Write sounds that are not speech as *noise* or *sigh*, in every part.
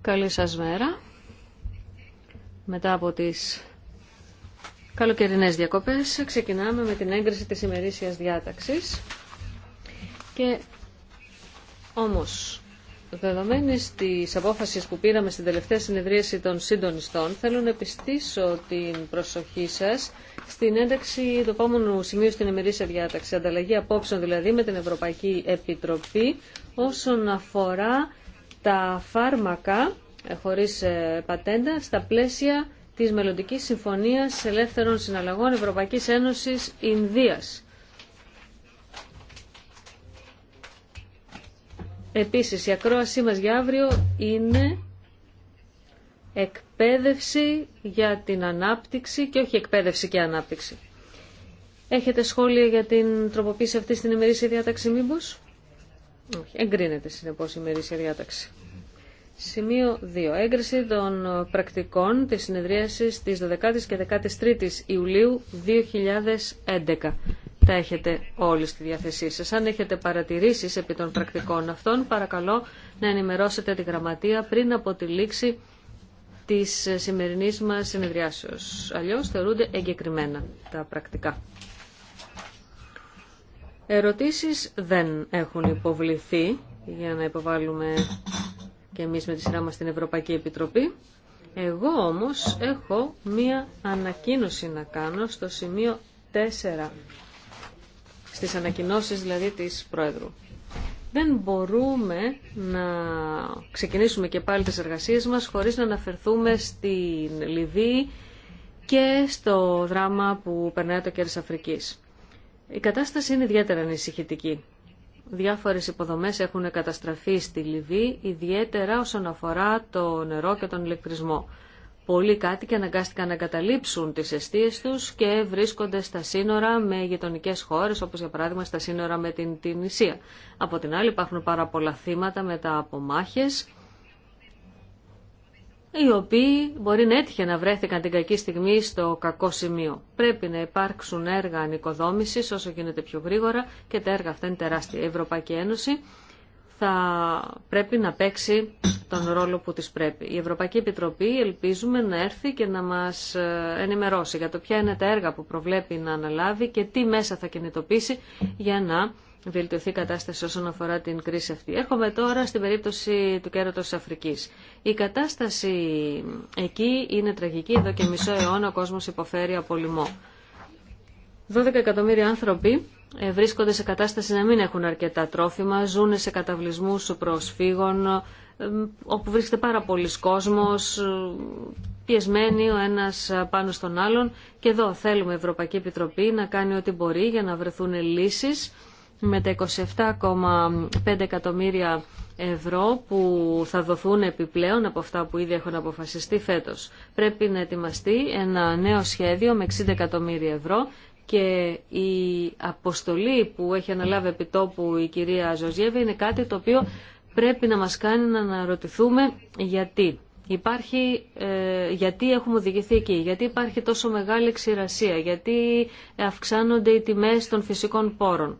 Καλή σας μέρα. Μετά από τις καλοκαιρινές διακοπές ξεκινάμε με την έγκριση της ημερήσιας διάταξης. Και όμως, δεδομένης της απόφασης που πήραμε στην τελευταία συνεδρίαση των συντονιστών, θέλω να επιστήσω την προσοχή σας στην ένταξη του επόμενου σημείου στην ημερήσια διάταξη, ανταλλαγή απόψεων δηλαδή με την Ευρωπαϊκή Επιτροπή όσον αφορά τα φάρμακα ε, χωρίς ε, πατέντα στα πλαίσια της μελλοντικής συμφωνίας ελεύθερων συναλλαγών Ευρωπαϊκής Ένωσης Ινδίας. Επίσης, η ακρόασή μας για αύριο είναι εκπαίδευση για την ανάπτυξη και όχι εκπαίδευση και ανάπτυξη. Έχετε σχόλια για την τροποποίηση αυτή στην ημερήσια διάταξη μήπως? Όχι, εγκρίνεται συνεπώς η ημερήσια διάταξη. Σημείο 2. Έγκριση των πρακτικών της συνεδρίασης της 12 η και 13 η Ιουλίου 2011. Τα έχετε όλοι στη διάθεσή σας. Αν έχετε παρατηρήσεις επί των πρακτικών αυτών, παρακαλώ να ενημερώσετε τη γραμματεία πριν από τη λήξη της σημερινής μας συνεδριάσεως. Αλλιώς θεωρούνται εγκεκριμένα τα πρακτικά. Ερωτήσεις δεν έχουν υποβληθεί για να υποβάλουμε και εμείς με τη σειρά μας στην Ευρωπαϊκή Επιτροπή. Εγώ όμως έχω μία ανακοίνωση να κάνω στο σημείο 4, στις ανακοινώσεις δηλαδή της Πρόεδρου δεν μπορούμε να ξεκινήσουμε και πάλι τις εργασίες μας χωρίς να αναφερθούμε στην Λιβύη και στο δράμα που περνάει το κέρδος Αφρικής. Η κατάσταση είναι ιδιαίτερα ανησυχητική. Διάφορες υποδομές έχουν καταστραφεί στη Λιβύη, ιδιαίτερα όσον αφορά το νερό και τον ηλεκτρισμό. Πολλοί κάτοικοι αναγκάστηκαν να καταλήψουν τις αιστείες τους και βρίσκονται στα σύνορα με γειτονικέ χώρες, όπως για παράδειγμα στα σύνορα με την Τινησία. Από την άλλη υπάρχουν πάρα πολλά θύματα μετά από μάχες, οι οποίοι μπορεί να έτυχε να βρέθηκαν την κακή στιγμή στο κακό σημείο. Πρέπει να υπάρξουν έργα ανοικοδόμησης όσο γίνεται πιο γρήγορα και τα έργα αυτά είναι τεράστια. Η Ευρωπαϊκή Ένωση θα πρέπει να παίξει τον ρόλο που της πρέπει. Η Ευρωπαϊκή Επιτροπή ελπίζουμε να έρθει και να μας ε, ενημερώσει για το ποια είναι τα έργα που προβλέπει να αναλάβει και τι μέσα θα κινητοποιήσει για να βελτιωθεί η κατάσταση όσον αφορά την κρίση αυτή. Έρχομαι τώρα στην περίπτωση του κέρατος της Αφρικής. Η κατάσταση εκεί είναι τραγική. Εδώ και μισό αιώνα ο κόσμος υποφέρει από λοιμό. 12 εκατομμύρια άνθρωποι ε, βρίσκονται σε κατάσταση να μην έχουν αρκετά τρόφιμα, ζουν σε καταβλισμούς προσφύγων, ε, όπου βρίσκεται πάρα πολλοί κόσμος, ε, πιεσμένοι ο ένας πάνω στον άλλον. Και εδώ θέλουμε η Ευρωπαϊκή Επιτροπή να κάνει ό,τι μπορεί για να βρεθούν λύσεις με τα 27,5 εκατομμύρια ευρώ που θα δοθούν επιπλέον από αυτά που ήδη έχουν αποφασιστεί φέτος. Πρέπει να ετοιμαστεί ένα νέο σχέδιο με 60 εκατομμύρια ευρώ και η αποστολή που έχει αναλάβει επιτόπου η κυρία Ζωζιέβη είναι κάτι το οποίο πρέπει να μας κάνει να αναρωτηθούμε γιατί. Υπάρχει, ε, γιατί έχουμε οδηγηθεί εκεί, γιατί υπάρχει τόσο μεγάλη ξηρασία, γιατί αυξάνονται οι τιμές των φυσικών πόρων.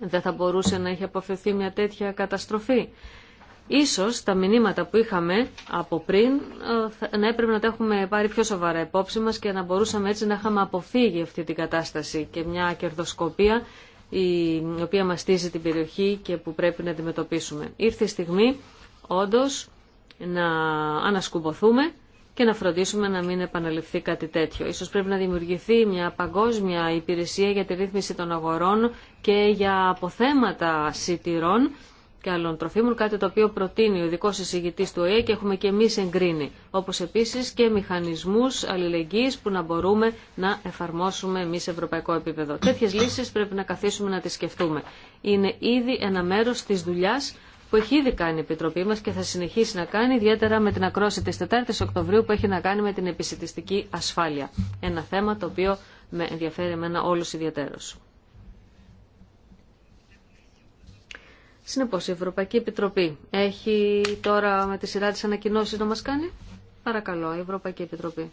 Δεν θα μπορούσε να έχει αποφευθεί μια τέτοια καταστροφή. Ίσως τα μηνύματα που είχαμε από πριν ε, να έπρεπε να τα έχουμε πάρει πιο σοβαρά υπόψη μας και να μπορούσαμε έτσι να είχαμε αποφύγει αυτή την κατάσταση και μια κερδοσκοπία η οποία μαστίζει την περιοχή και που πρέπει να αντιμετωπίσουμε. Ήρθε η στιγμή όντως να ανασκουμποθούμε και να φροντίσουμε να μην επαναληφθεί κάτι τέτοιο. Ίσως πρέπει να δημιουργηθεί μια παγκόσμια υπηρεσία για τη ρύθμιση των αγορών και για αποθέματα σιτηρών και άλλων τροφίμων, κάτι το οποίο προτείνει ο ειδικό εισηγητή του ΟΕΕ και έχουμε και εμεί εγκρίνει. Όπω επίση και μηχανισμού αλληλεγγύη που να μπορούμε να εφαρμόσουμε εμεί σε ευρωπαϊκό επίπεδο. Τέτοιε λύσει πρέπει να καθίσουμε να τι σκεφτούμε. Είναι ήδη ένα μέρο τη δουλειά που έχει ήδη κάνει η Επιτροπή μα και θα συνεχίσει να κάνει, ιδιαίτερα με την ακρόση τη 4η Οκτωβρίου που έχει να κάνει με την επισητιστική ασφάλεια. Ένα θέμα το οποίο με ενδιαφέρει εμένα όλου ιδιαίτερω. Συνεπώς, η Ευρωπαϊκή Επιτροπή έχει τώρα με τη σειρά της ανακοινώσει να μας κάνει. Παρακαλώ, η Ευρωπαϊκή Επιτροπή.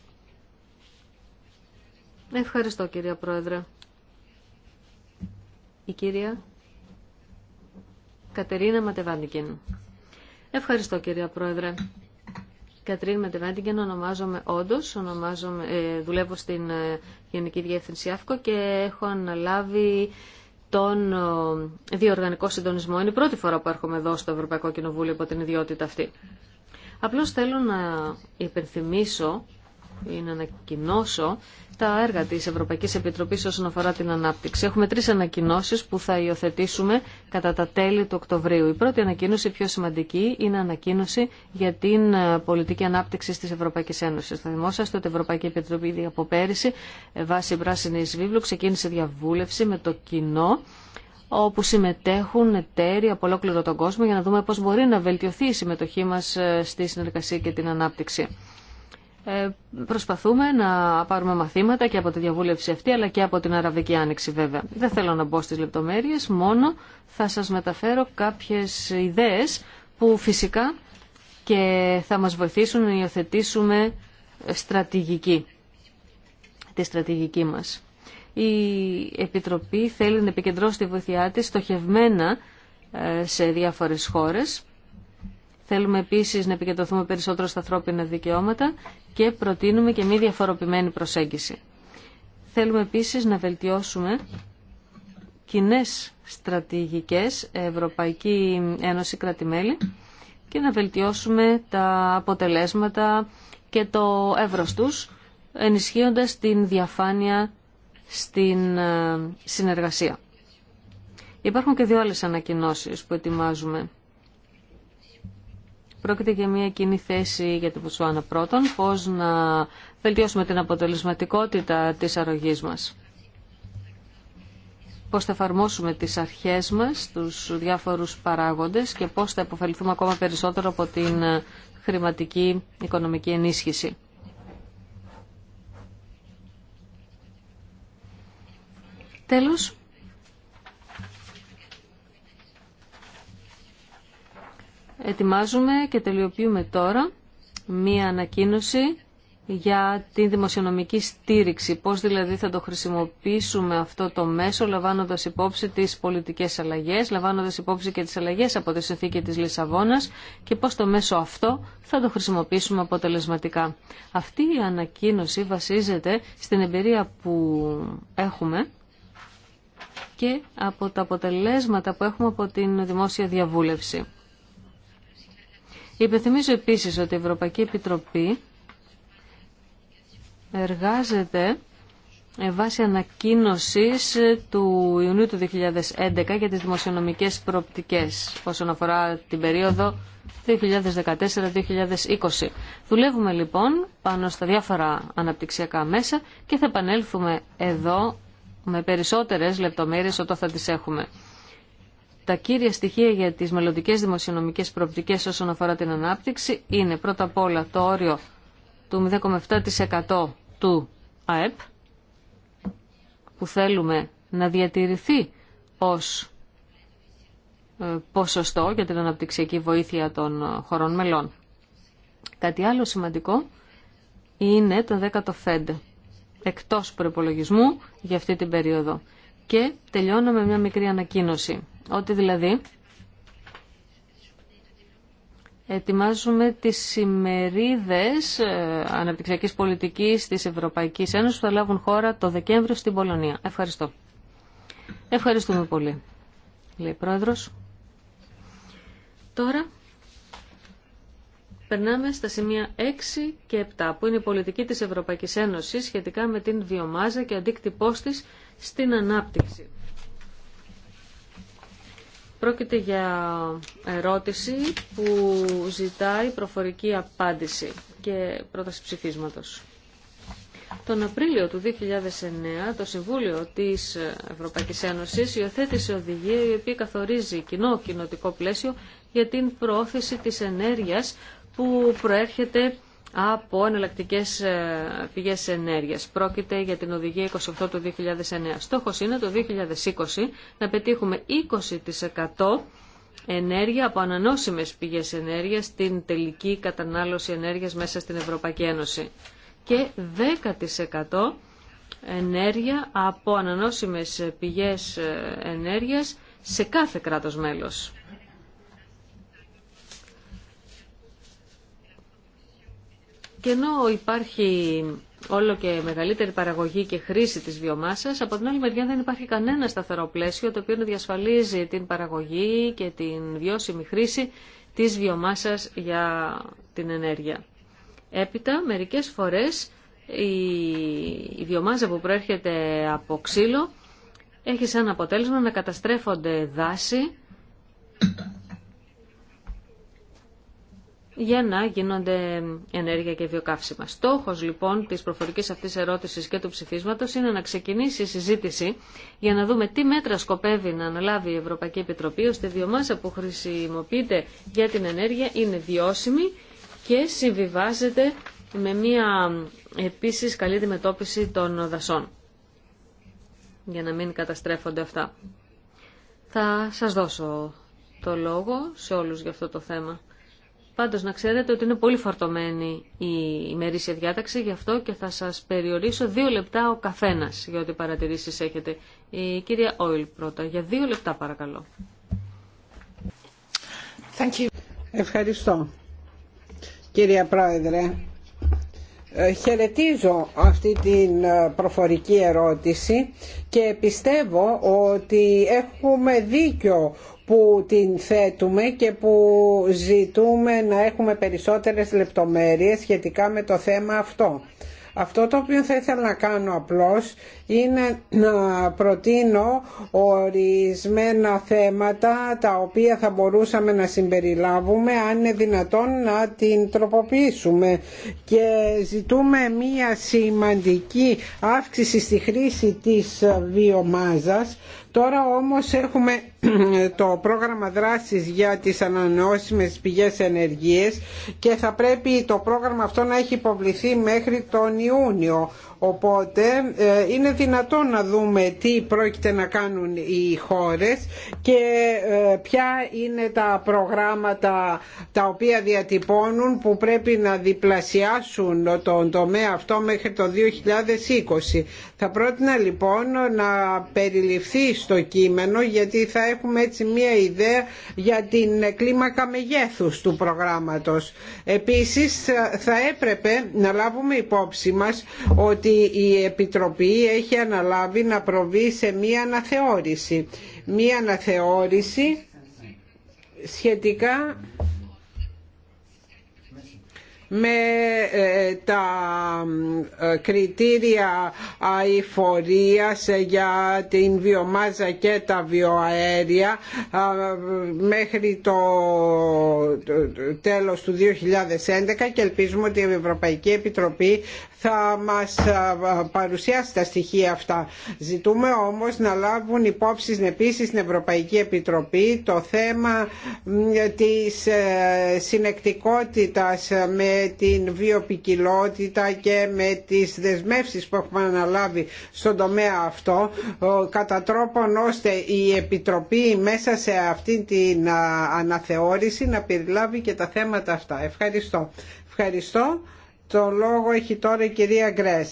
Ευχαριστώ, κυρία Πρόεδρε. Η κυρία Κατερίνα Ματεβάντικεν. Ευχαριστώ, κυρία Πρόεδρε. Κατερίνα Ματεβάντικεν, ονομάζομαι όντω, ονομάζομαι, ε, δουλεύω στην ε, Γενική Διεύθυνση ΑΦΚΟ και έχω αναλάβει τον ε, διοργανικό συντονισμό. Είναι η πρώτη φορά που έρχομαι εδώ στο Ευρωπαϊκό Κοινοβούλιο υπό την ιδιότητα αυτή. Απλώς θέλω να υπενθυμίσω είναι ανακοινώσω τα έργα της Ευρωπαϊκής Επιτροπής όσον αφορά την ανάπτυξη. Έχουμε τρεις ανακοινώσεις που θα υιοθετήσουμε κατά τα τέλη του Οκτωβρίου. Η πρώτη ανακοίνωση, πιο σημαντική, είναι ανακοίνωση για την ε, πολιτική ανάπτυξη της Ευρωπαϊκής Ένωσης. Θα δημόσαστε ότι η Ευρωπαϊκή Επιτροπή ήδη από πέρυσι, ε, βάσει πράσινης βίβλου, ξεκίνησε διαβούλευση με το κοινό όπου συμμετέχουν εταίροι από ολόκληρο τον κόσμο για να δούμε πώς μπορεί να βελτιωθεί η συμμετοχή μας ε, στη συνεργασία και την ανάπτυξη. Ε, προσπαθούμε να πάρουμε μαθήματα και από τη διαβούλευση αυτή αλλά και από την Αραβική Άνοιξη βέβαια. Δεν θέλω να μπω στις λεπτομέρειες, μόνο θα σας μεταφέρω κάποιες ιδέες που φυσικά και θα μας βοηθήσουν να υιοθετήσουμε στρατηγική, τη στρατηγική μας. Η Επιτροπή θέλει να επικεντρώσει τη βοηθειά της στοχευμένα ε, σε διάφορες χώρες Θέλουμε επίσης να επικεντρωθούμε περισσότερο στα ανθρώπινα δικαιώματα και προτείνουμε και μη διαφοροποιημένη προσέγγιση. Θέλουμε επίσης να βελτιώσουμε κοινέ στρατηγικές Ευρωπαϊκή Ένωση Κρατημέλη και να βελτιώσουμε τα αποτελέσματα και το εύρος τους ενισχύοντας την διαφάνεια στην ε, συνεργασία. Υπάρχουν και δύο άλλες ανακοινώσεις που ετοιμάζουμε. Πρόκειται για μια κοινή θέση για την Βουτσουάνα πρώτον, πώς να βελτιώσουμε την αποτελεσματικότητα της αρρωγής μας. Πώς θα εφαρμόσουμε τις αρχές μας, τους διάφορους παράγοντες και πώς θα υποφεληθούμε ακόμα περισσότερο από την χρηματική οικονομική ενίσχυση. Τέλος, ετοιμάζουμε και τελειοποιούμε τώρα μία ανακοίνωση για την δημοσιονομική στήριξη. Πώς δηλαδή θα το χρησιμοποιήσουμε αυτό το μέσο, λαμβάνοντας υπόψη τις πολιτικές αλλαγές, λαμβάνοντας υπόψη και τις αλλαγές από τη συνθήκη της Λισαβόνας και πώς το μέσο αυτό θα το χρησιμοποιήσουμε αποτελεσματικά. Αυτή η ανακοίνωση βασίζεται στην εμπειρία που έχουμε και από τα αποτελέσματα που έχουμε από την δημόσια διαβούλευση. Υπενθυμίζω επίσης ότι η Ευρωπαϊκή Επιτροπή εργάζεται βάσει ανακοίνωσης του Ιουνίου του 2011 για τις δημοσιονομικές προοπτικές όσον αφορά την περίοδο 2014-2020. Δουλεύουμε λοιπόν πάνω στα διάφορα αναπτυξιακά μέσα και θα επανέλθουμε εδώ με περισσότερες λεπτομέρειες όταν θα τις έχουμε τα κύρια στοιχεία για τις μελλοντικέ δημοσιονομικές προοπτικές όσον αφορά την ανάπτυξη είναι πρώτα απ' όλα το όριο του 0,7% του ΑΕΠ που θέλουμε να διατηρηθεί ως ε, ποσοστό για την αναπτυξιακή βοήθεια των ε, χωρών μελών. Κάτι άλλο σημαντικό είναι το 15 εκτός προπολογισμού για αυτή την περίοδο. Και τελειώνω με μια μικρή ανακοίνωση. Ότι δηλαδή ετοιμάζουμε τις σημερίδες ε, αναπτυξιακής πολιτικής της Ευρωπαϊκής Ένωσης που θα λάβουν χώρα το Δεκέμβριο στην Πολωνία. Ευχαριστώ. Ευχαριστούμε πολύ, λέει Πρόεδρος. Τώρα περνάμε στα σημεία 6 και 7 που είναι η πολιτική της Ευρωπαϊκής Ένωσης σχετικά με την βιομάζα και αντίκτυπός της στην ανάπτυξη. Πρόκειται για ερώτηση που ζητάει προφορική απάντηση και πρόταση ψηφίσματος. Τον Απρίλιο του 2009 το Συμβούλιο της Ευρωπαϊκής Ένωσης υιοθέτησε οδηγία η οποία καθορίζει κοινό κοινοτικό πλαίσιο για την προώθηση της ενέργειας που προέρχεται από εναλλακτικέ ε, πηγέ ενέργεια. Πρόκειται για την οδηγία 28 του 2009. Στόχο είναι το 2020 να πετύχουμε 20% ενέργεια από ανανόσιμες πηγές ενέργειας στην τελική κατανάλωση ενέργειας μέσα στην Ευρωπαϊκή Ένωση και 10% ενέργεια από ανανόσιμες πηγές ε, ενέργειας σε κάθε κράτος μέλος. Και ενώ υπάρχει όλο και μεγαλύτερη παραγωγή και χρήση της βιομάσας, από την άλλη μεριά δεν υπάρχει κανένα σταθερό πλαίσιο το οποίο να διασφαλίζει την παραγωγή και την βιώσιμη χρήση της βιομάσας για την ενέργεια. Έπειτα, μερικές φορές η βιομάζα που προέρχεται από ξύλο έχει σαν αποτέλεσμα να καταστρέφονται δάση για να γίνονται ενέργεια και βιοκαύσιμα. Στόχο λοιπόν της προφορικής αυτής ερώτησης και του ψηφίσματο είναι να ξεκινήσει η συζήτηση για να δούμε τι μέτρα σκοπεύει να αναλάβει η Ευρωπαϊκή Επιτροπή ώστε η βιομάζα που χρησιμοποιείται για την ενέργεια είναι βιώσιμη και συμβιβάζεται με μια επίσης καλή αντιμετώπιση των δασών για να μην καταστρέφονται αυτά. Θα σας δώσω το λόγο σε όλους για αυτό το θέμα. Πάντω να ξέρετε ότι είναι πολύ φορτωμένη η ημερήσια διάταξη, γι' αυτό και θα σας περιορίσω δύο λεπτά ο καθένα για ό,τι παρατηρήσεις έχετε. Η κυρία Όιλ πρώτα, για δύο λεπτά παρακαλώ. Thank you. Ευχαριστώ. Κυρία Πρόεδρε, ε, χαιρετίζω αυτή την ε, προφορική ερώτηση και πιστεύω ότι έχουμε δίκιο που την θέτουμε και που ζητούμε να έχουμε περισσότερες λεπτομέρειες σχετικά με το θέμα αυτό. Αυτό το οποίο θα ήθελα να κάνω απλώς είναι να προτείνω ορισμένα θέματα τα οποία θα μπορούσαμε να συμπεριλάβουμε αν είναι δυνατόν να την τροποποιήσουμε και ζητούμε μία σημαντική αύξηση στη χρήση της βιομάζας Τώρα όμως έχουμε *clears throat* το πρόγραμμα δράσης για τις ανανεώσιμες πηγές ενεργείας και θα πρέπει το πρόγραμμα αυτό να έχει υποβληθεί μέχρι τον Ιούνιο. Οπότε ε, είναι δυνατόν να δούμε τι πρόκειται να κάνουν οι χώρες και ε, ποια είναι τα προγράμματα τα οποία διατυπώνουν που πρέπει να διπλασιάσουν τον τομέα αυτό μέχρι το 2020. Θα πρότεινα λοιπόν να περιληφθεί στο κείμενο γιατί θα έχουμε έτσι μία ιδέα για την κλίμακα μεγέθους του προγράμματος. Επίσης θα έπρεπε να λάβουμε υπόψη μας ότι η Επιτροπή έχει αναλάβει να προβεί σε μία αναθεώρηση. Μία αναθεώρηση σχετικά με ε, τα ε, κριτήρια αηφορίας για την βιομάζα και τα βιοαέρια μέχρι το τέλος του 2011 και ελπίζουμε ότι η Ευρωπαϊκή Επιτροπή θα μας παρουσιάσει τα στοιχεία αυτά. Ζητούμε όμως να λάβουν υπόψη επίσης στην Ευρωπαϊκή Επιτροπή το θέμα της ε, συνεκτικότητας με την βιοπικιλότητα και με τις δεσμεύσεις που έχουμε αναλάβει στον τομέα αυτό κατά τρόπον ώστε η Επιτροπή μέσα σε αυτή την αναθεώρηση να περιλάβει και τα θέματα αυτά. Ευχαριστώ. Ευχαριστώ. Το λόγο έχει τώρα η κυρία Γκρέσ.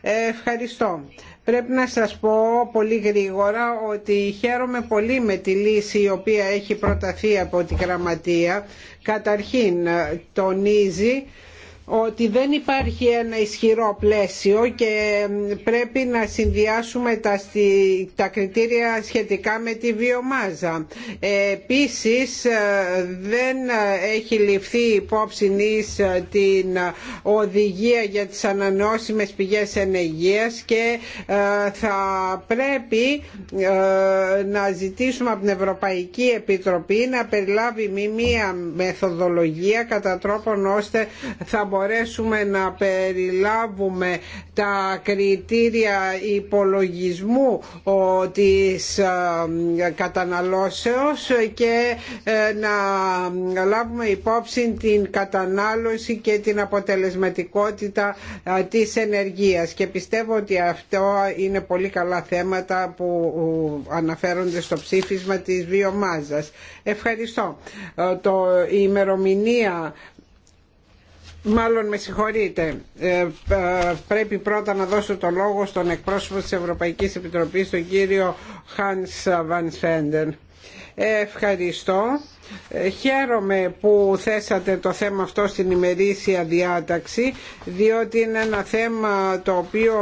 Ε, ευχαριστώ. Πρέπει να σας πω πολύ γρήγορα ότι χαίρομαι πολύ με τη λύση η οποία έχει προταθεί από τη Γραμματεία. Καταρχήν τονίζει ότι δεν υπάρχει ένα ισχυρό πλαίσιο και πρέπει να συνδυάσουμε τα, τα κριτήρια σχετικά με τη βιομάζα. Ε, επίσης ε, δεν έχει ληφθεί υπόψη ε, την οδηγία για τις ανανεώσιμες πηγές ενεργείας και θα πρέπει να ζητήσουμε από την Ευρωπαϊκή Επιτροπή να περιλάβει μία μεθοδολογία κατά τρόπον ώστε θα μπορούμε μπορέσουμε να περιλάβουμε τα κριτήρια υπολογισμού της ε, καταναλώσεως και ε, να λάβουμε υπόψη την κατανάλωση και την αποτελεσματικότητα ε, της ενεργείας και πιστεύω ότι αυτό είναι πολύ καλά θέματα που αναφέρονται στο ψήφισμα της βιομάζας. Ευχαριστώ. Το, ημερομηνία Μάλλον με συγχωρείτε, ε, ε, πρέπει πρώτα να δώσω το λόγο στον εκπρόσωπο της Ευρωπαϊκής Επιτροπής, τον κύριο Hans Van Senden. Ευχαριστώ. Ε, χαίρομαι που θέσατε το θέμα αυτό στην ημερήσια διάταξη διότι είναι ένα θέμα το οποίο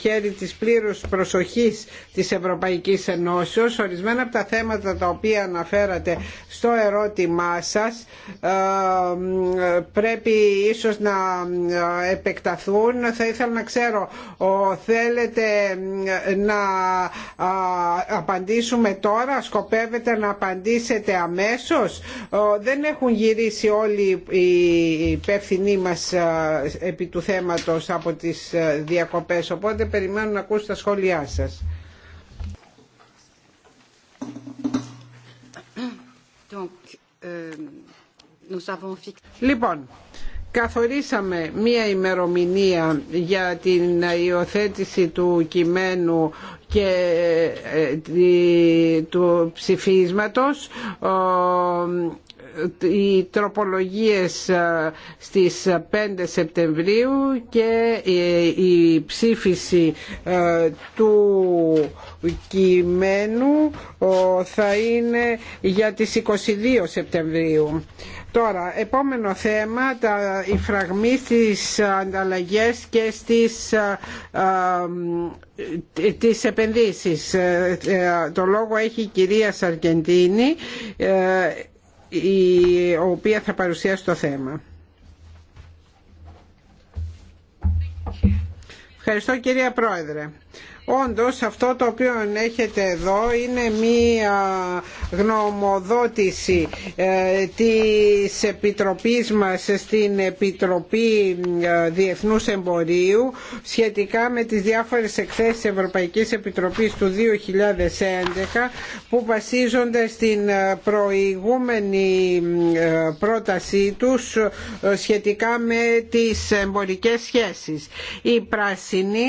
χαίρει της πλήρους προσοχής της Ευρωπαϊκής Ενώσεως. Ορισμένα από τα θέματα τα οποία αναφέρατε στο ερώτημά σας ε, πρέπει ίσως να επεκταθούν. Θα ήθελα να ξέρω, θέλετε να ε, απαντήσουμε τώρα, σκοπεύετε Θέλετε να απαντήσετε αμέσως. Δεν έχουν γυρίσει όλοι οι υπεύθυνοί μας επί του θέματος από τις διακοπές, οπότε περιμένω να ακούσω τα σχόλιά σας. Euh, λοιπόν, καθορίσαμε μία ημερομηνία για την υιοθέτηση του κειμένου και ε, του ψηφίσματος οι τροπολογίες ε, στις 5 Σεπτεμβρίου και ε, η ψήφιση του κειμένου θα είναι για τις 22 Σεπτεμβρίου. Τώρα, επόμενο θέμα, τα, η φραγμή στις ανταλλαγές και στις, α, επενδύσεις. Ε, ε, το λόγο έχει η κυρία Σαρκεντίνη, ε, η οποία θα παρουσιάσει το θέμα. Ευχαριστώ κυρία Πρόεδρε. Όντως αυτό το οποίο έχετε εδώ είναι μία γνωμοδότηση ε, της Επιτροπής μας στην Επιτροπή ε, Διεθνούς Εμπορίου σχετικά με τις διάφορες εκθέσεις Ευρωπαϊκής Επιτροπής του 2011 που βασίζονται στην ε, προηγούμενη πρότασή τους σχετικά με τις εμπορικές σχέσεις. Η πράσινη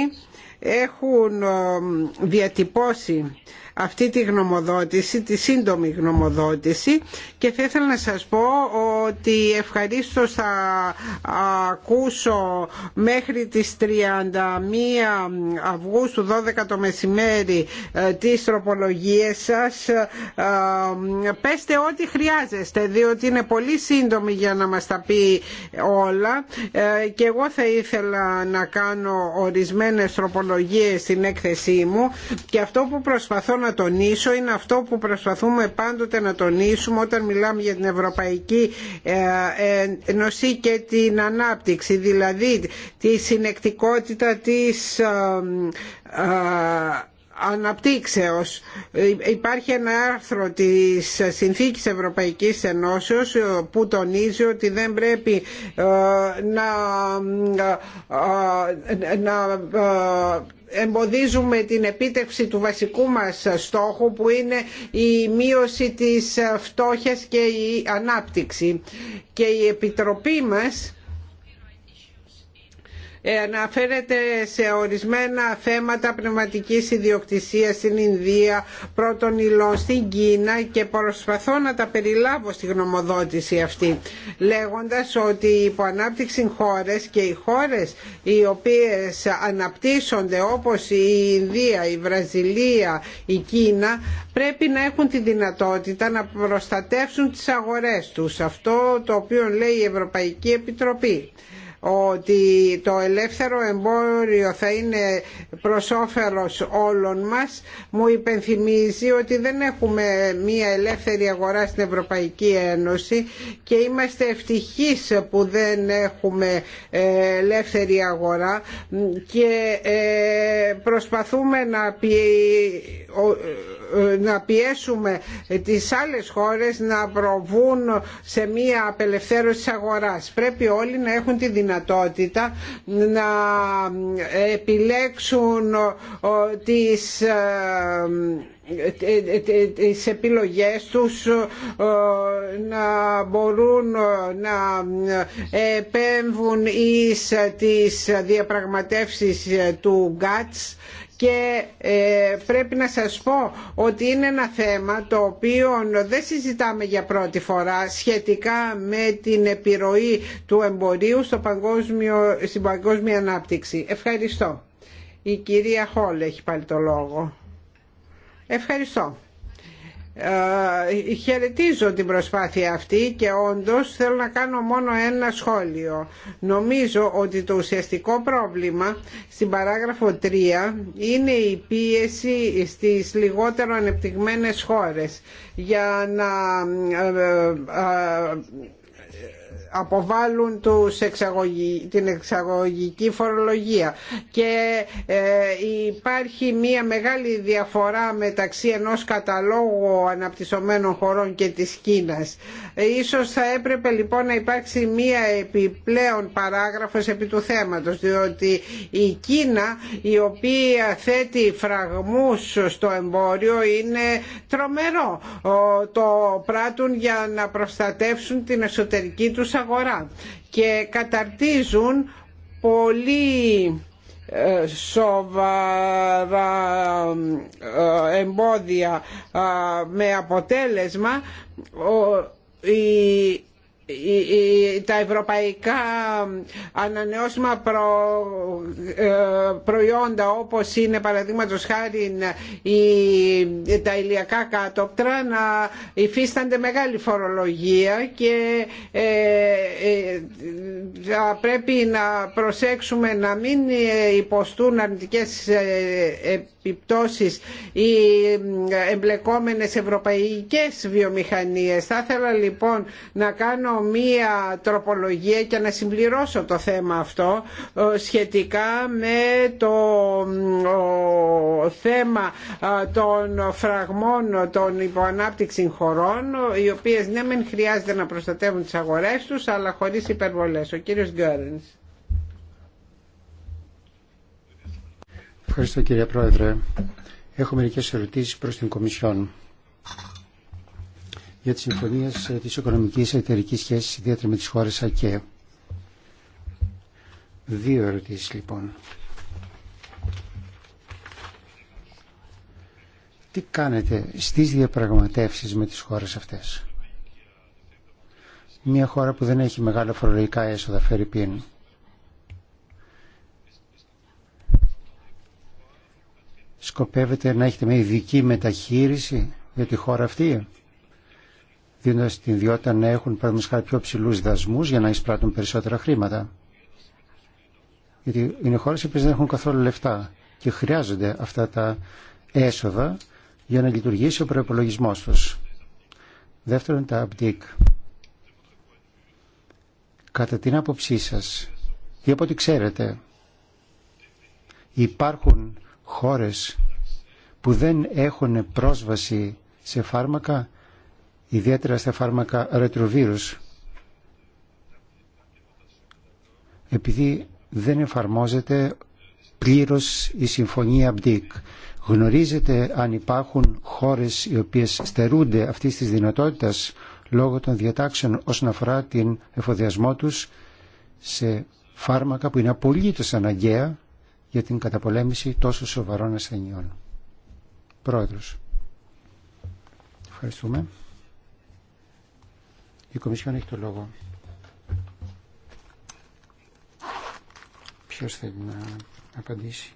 έχουν ε, διατυπώσει αυτή τη γνωμοδότηση, τη σύντομη γνωμοδότηση και θα ήθελα να σας πω ότι ευχαρίστω θα ακούσω μέχρι τις 31 Αυγούστου 12 το μεσημέρι ε, τις τροπολογίες σας ε, πέστε ό,τι χρειάζεστε διότι είναι πολύ σύντομη για να μας τα πει όλα ε, και εγώ θα ήθελα να κάνω ορισμένες τροπολογίες στην έκθεσή μου και αυτό που προσπαθώ να τονίσω είναι αυτό που προσπαθούμε πάντοτε να τονίσουμε όταν μιλάμε για την Ευρωπαϊκή ε, Ένωση και την ανάπτυξη, δηλαδή τη συνεκτικότητα της ε, ε, αναπτύξεως. Ε, υπάρχει ένα άρθρο της Συνθήκης Ευρωπαϊκής Ενώσεως ε, που τονίζει ότι δεν πρέπει ε, να, να εμποδίζουμε την επίτευξη του βασικού μας στόχου που είναι η μείωση της φτώχειας και η ανάπτυξη. Και η Επιτροπή μας ε, αναφέρεται σε ορισμένα θέματα πνευματικής ιδιοκτησίας στην Ινδία, πρώτων υλών στην Κίνα και προσπαθώ να τα περιλάβω στη γνωμοδότηση αυτή λέγοντας ότι οι υποανάπτυξη χώρες και οι χώρες οι οποίες αναπτύσσονται όπως η Ινδία, η Βραζιλία, η Κίνα πρέπει να έχουν τη δυνατότητα να προστατεύσουν τις αγορές τους. Αυτό το οποίο λέει η Ευρωπαϊκή Επιτροπή ότι το ελεύθερο εμπόριο θα είναι προς όφελος όλων μας μου υπενθυμίζει ότι δεν έχουμε μία ελεύθερη αγορά στην Ευρωπαϊκή Ένωση και είμαστε ευτυχείς που δεν έχουμε ε, ελεύθερη αγορά και ε, προσπαθούμε να να πιέσουμε τις άλλες χώρες να προβούν σε μία απελευθέρωση της αγοράς. Πρέπει όλοι να έχουν τη δυνατότητα να επιλέξουν ε, τις ε, ε, τις επιλογές τους να μπορούν να επέμβουν εις τις διαπραγματεύσεις του ΓΚΑΤΣ και ε, πρέπει να σας πω ότι είναι ένα θέμα το οποίο δεν συζητάμε για πρώτη φορά σχετικά με την επιρροή του εμπορίου στο παγκόσμιο, στην παγκόσμια ανάπτυξη. Ευχαριστώ. Η κυρία Χόλ έχει πάλι το λόγο. Ευχαριστώ. Ε, χαιρετίζω την προσπάθεια αυτή και όντως θέλω να κάνω μόνο ένα σχόλιο. Νομίζω ότι το ουσιαστικό πρόβλημα στην παράγραφο 3 είναι η πίεση στις λιγότερο ανεπτυγμένες χώρες για να ε, ε, αποβάλουν τους την εξαγωγική φορολογία και ε, υπάρχει μία μεγάλη διαφορά μεταξύ ενός καταλόγου αναπτυσσομένων χωρών και της Κίνας. Ίσως θα έπρεπε λοιπόν να υπάρξει μία επιπλέον παράγραφος επί του θέματος διότι η Κίνα η οποία θέτει φραγμούς στο εμπόριο είναι τρομερό. Το πράττουν για να προστατεύσουν την εσωτερική τους και καταρτίζουν πολύ ε, σοβαρά ε, εμπόδια ε, με αποτέλεσμα τα ευρωπαϊκά ανανεώσιμα ε, προϊόντα όπως είναι παραδείγματο χάρη τα ηλιακά κάτοπτρα να υφίστανται μεγάλη φορολογία και ε, ε, θα πρέπει να προσέξουμε να μην υποστούν αρνητικές επιπτώσεις οι εμπλεκόμενες ευρωπαϊκές βιομηχανίες. Θα ήθελα λοιπόν να κάνω μία τροπολογία και να συμπληρώσω το θέμα αυτό ε, σχετικά με το θέμα ε, των φραγμών των υποανάπτυξη χωρών οι οποίες ναι μεν χρειάζεται να προστατεύουν τις αγορές τους αλλά χωρίς υπερβολές. Ο κύριος Γκέρνς. Ευχαριστώ κύριε Πρόεδρε. Έχω μερικές ερωτήσεις προς την Κομισιόν για τις συμφωνίες ε, της οικονομικής εταιρικής σχέσης ιδιαίτερα με τις χώρες ΑΚΕ. Δύο ερωτήσεις λοιπόν. Τι κάνετε στις διαπραγματεύσεις με τις χώρες αυτές. Μια χώρα που δεν έχει μεγάλα φορολογικά έσοδα φέρει πίν σκοπεύετε να έχετε μια ειδική μεταχείριση για τη χώρα αυτή δίνοντα την ιδιότητα να έχουν παραδείγματο χάρη πιο ψηλού δασμού για να εισπράττουν περισσότερα χρήματα. Γιατί είναι χώρε οι οποίε δεν έχουν καθόλου λεφτά και χρειάζονται αυτά τα έσοδα για να λειτουργήσει ο προπολογισμό του. Δεύτερον, τα ΑΠΤΙΚ. Κατά την άποψή σα ή από ό,τι ξέρετε, υπάρχουν χώρες που δεν έχουν πρόσβαση σε φάρμακα, ιδιαίτερα στα φάρμακα ρετροβίρους, επειδή δεν εφαρμόζεται πλήρως η συμφωνία BDIC. Γνωρίζετε αν υπάρχουν χώρες οι οποίες στερούνται αυτής της δυνατότητας λόγω των διατάξεων όσον αφορά την εφοδιασμό τους σε φάρμακα που είναι απολύτως αναγκαία για την καταπολέμηση τόσο σοβαρών ασθενειών. Πρόεδρος. Ευχαριστούμε. Η Κομισιόν έχει το λόγο. Ποιος θέλει να απαντήσει.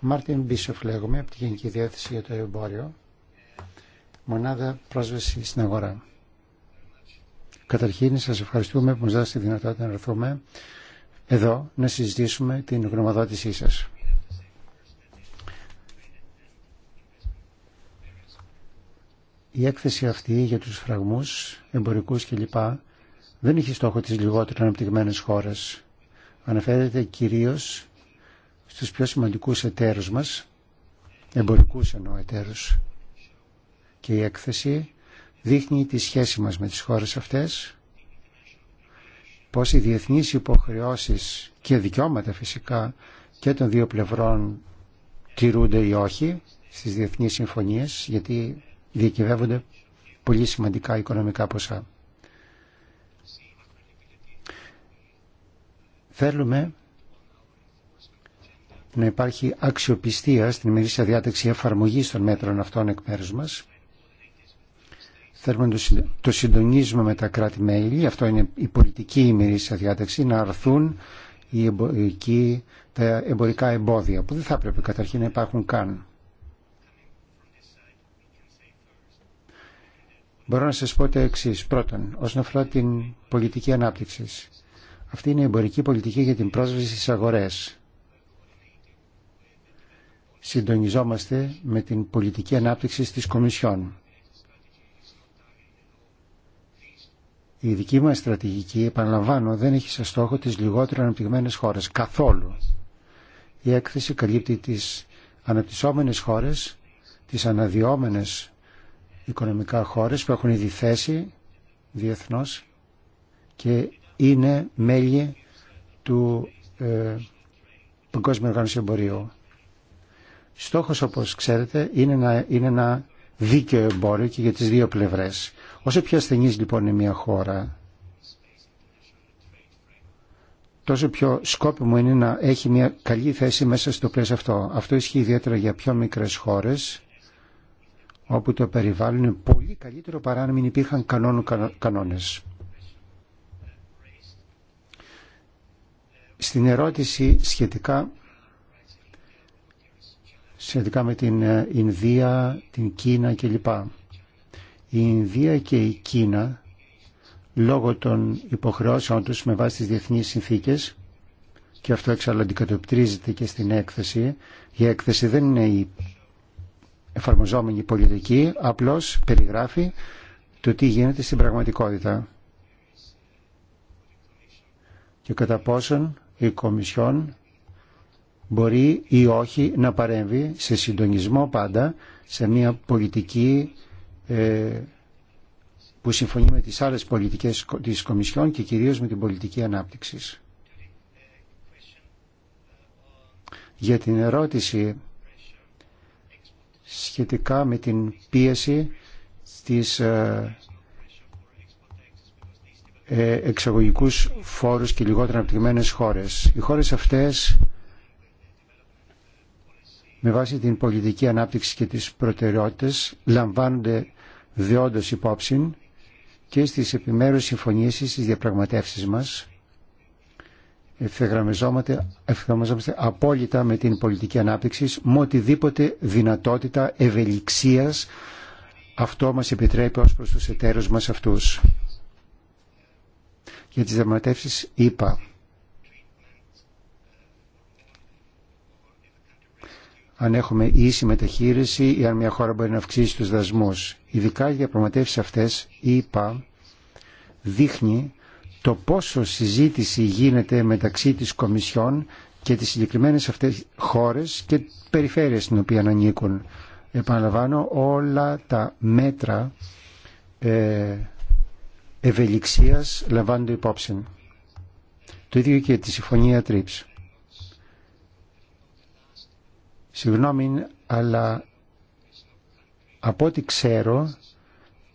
Μάρτιν Μπίσοφ λέγομαι από τη Γενική διάθεση για το Εμπόριο. Μονάδα πρόσβαση στην αγορά. Καταρχήν σας ευχαριστούμε που μας δώσετε τη δυνατότητα να έρθουμε εδώ να συζητήσουμε την γνωμοδότησή σας. Η έκθεση αυτή για τους φραγμούς, εμπορικούς κλπ. δεν έχει στόχο τις λιγότερο αναπτυγμένες χώρες. Αναφέρεται κυρίως στους πιο σημαντικούς εταίρους μας, εμπορικούς εννοώ εταίρους. Και η έκθεση δείχνει τη σχέση μας με τις χώρες αυτές πως οι διεθνείς υποχρεώσεις και δικαιώματα φυσικά και των δύο πλευρών τηρούνται ή όχι στις διεθνείς συμφωνίες γιατί διακυβεύονται πολύ σημαντικά οικονομικά ποσά. Θέλουμε να υπάρχει αξιοπιστία στην ημερήσια διάταξη εφαρμογής των μέτρων αυτών εκ μέρους μας Θέλουμε να το συντονίζουμε με τα κράτη-μέλη, αυτό είναι η πολιτική ημερήσια διάταξη, να αρθούν οι εμπορικοί, τα εμπορικά εμπόδια που δεν θα έπρεπε καταρχήν να υπάρχουν καν. Μπορώ να σας πω το εξή. Πρώτον, όσον αφορά την πολιτική ανάπτυξη. Αυτή είναι η εμπορική πολιτική για την πρόσβαση στις αγορές. Συντονιζόμαστε με την πολιτική ανάπτυξη της Κομισιόν. Η δική μας στρατηγική, επαναλαμβάνω, δεν έχει σε στόχο τις λιγότερο αναπτυγμένες χώρες. Καθόλου. Η έκθεση καλύπτει τις αναπτυσσόμενες χώρες, τις αναδυόμενες οικονομικά χώρες που έχουν ήδη θέση διεθνώς και είναι μέλη του ε, Παγκόσμιου Οργάνωση Εμπορίου. Στόχος, όπως ξέρετε, είναι να, είναι να δίκαιο εμπόριο και για τις δύο πλευρές. Όσο πιο ασθενής λοιπόν είναι μια χώρα, τόσο πιο σκόπιμο είναι να έχει μια καλή θέση μέσα στο πλαίσιο αυτό. Αυτό ισχύει ιδιαίτερα για πιο μικρές χώρες, όπου το περιβάλλον είναι πολύ καλύτερο παρά να μην υπήρχαν κανόνου κανόνες. Στην ερώτηση σχετικά σχετικά με την ε, Ινδία, την Κίνα κλπ. Η Ινδία και η Κίνα λόγω των υποχρεώσεων τους με βάση τις διεθνείς συνθήκες και αυτό εξάλλου αντικατοπτρίζεται και στην έκθεση. Η έκθεση δεν είναι η εφαρμοζόμενη πολιτική, απλώς περιγράφει το τι γίνεται στην πραγματικότητα και κατά πόσον η Κομισιόν μπορεί ή όχι να παρέμβει σε συντονισμό πάντα σε μια πολιτική ε, που συμφωνεί με τις άλλες πολιτικές της Κομισιόν και κυρίως με την πολιτική ανάπτυξης. Για την ερώτηση σχετικά με την πίεση της ε, ε, εξαγωγικούς φόρους και λιγότερα αναπτυγμένες χώρες. Οι χώρες αυτές με βάση την πολιτική ανάπτυξη και τις προτεραιότητες λαμβάνονται διόντως υπόψη και στις επιμέρους συμφωνίες της στις διαπραγματεύσεις μας απόλυτα με την πολιτική ανάπτυξη με οτιδήποτε δυνατότητα ευελιξίας αυτό μας επιτρέπει ως προς τους εταίρους μας αυτούς. Για τις διαπραγματεύσεις είπα αν έχουμε ίση μεταχείριση ή αν μια χώρα μπορεί να αυξήσει τους δασμούς. Ειδικά οι διαπραγματεύσει αυτές, είπα, δείχνει το πόσο συζήτηση γίνεται μεταξύ της Κομισιόν και τις συγκεκριμένες αυτές χώρες και περιφέρειες στην οποία ανήκουν. Επαναλαμβάνω όλα τα μέτρα ε, ευελιξίας λαμβάνονται υπόψη. Το ίδιο και τη συμφωνία τρίψη. Συγγνώμη, αλλά από ό,τι ξέρω,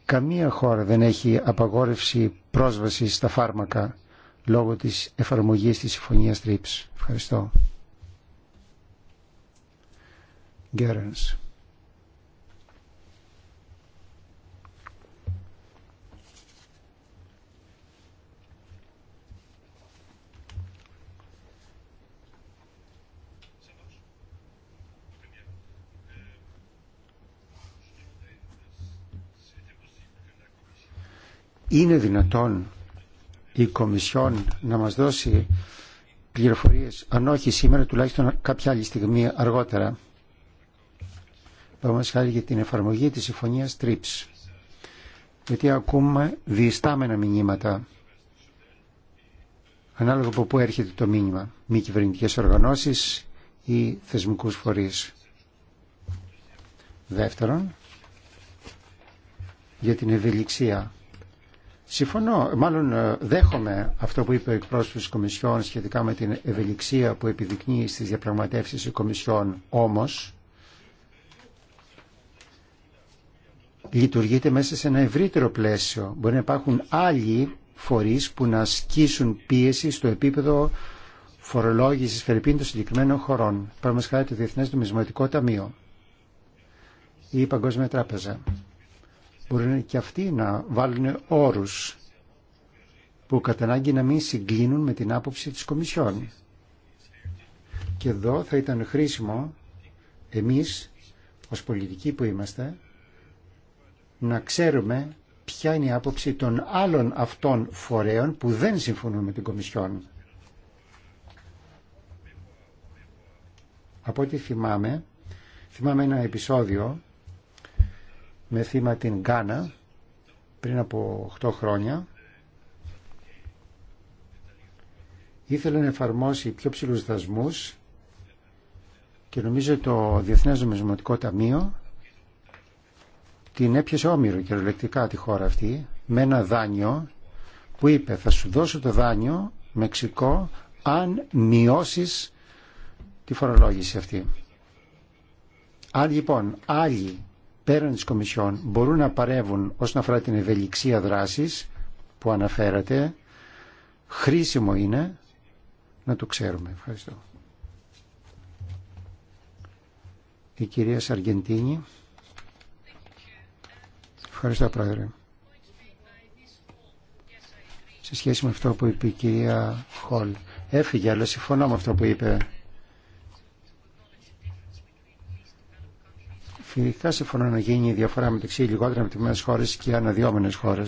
καμία χώρα δεν έχει απαγόρευση πρόσβαση στα φάρμακα λόγω της εφαρμογής της συμφωνίας TRIPS. Ευχαριστώ. Είναι δυνατόν η Κομισιόν να μας δώσει πληροφορίες, αν όχι σήμερα, τουλάχιστον κάποια άλλη στιγμή αργότερα. Πάμε χάρη για την εφαρμογή της συμφωνίας TRIPS. Γιατί ακούμε διεστάμενα μηνύματα ανάλογα από πού έρχεται το μήνυμα. Μη κυβερνητικέ οργανώσεις ή θεσμικούς φορείς. Δεύτερον, για την ευελιξία Συμφωνώ, μάλλον ε, δέχομαι αυτό που είπε ο εκπρόσωπο τη Κομισιόν σχετικά με την ευελιξία που επιδεικνύει στι διαπραγματεύσει της Κομισιόν. Όμω, λειτουργείται μέσα σε ένα ευρύτερο πλαίσιο. Μπορεί να υπάρχουν άλλοι φορεί που να ασκήσουν πίεση στο επίπεδο φορολόγηση φερειπίν των συγκεκριμένων χωρών. Παραδείγματο χάρη το Διεθνέ Νομισματικό Ταμείο ή η Παγκόσμια Τράπεζα μπορούν και αυτοί να βάλουν όρους που κατά να μην συγκλίνουν με την άποψη της Κομισιόν. Και εδώ θα ήταν χρήσιμο εμείς ως πολιτικοί που είμαστε να ξέρουμε ποια είναι η άποψη των άλλων αυτών φορέων που δεν συμφωνούν με την Κομισιόν. Από ό,τι θυμάμαι, θυμάμαι ένα επεισόδιο με θύμα την Γκάνα πριν από 8 χρόνια ήθελε να εφαρμόσει πιο ψηλούς δασμούς και νομίζω το Διεθνές Νομισματικό Ταμείο την έπιασε όμοιρο κυριολεκτικά τη χώρα αυτή με ένα δάνειο που είπε θα σου δώσω το δάνειο Μεξικό αν μειώσει τη φορολόγηση αυτή. Αν λοιπόν άλλοι πέραν της Κομισιόν μπορούν να παρεύουν όσον αφορά την ευελιξία δράσης που αναφέρατε, χρήσιμο είναι να το ξέρουμε. Ευχαριστώ. Η κυρία Σαργεντίνη. Ευχαριστώ, Πρόεδρε. Σε σχέση με αυτό που είπε η κυρία Χολ. Έφυγε, αλλά συμφωνώ με αυτό που είπε. Φυσικά συμφωνώ να γίνει η διαφορά μεταξύ λιγότερα αναπτυγμένες χώρε και αναδυόμενε χώρε.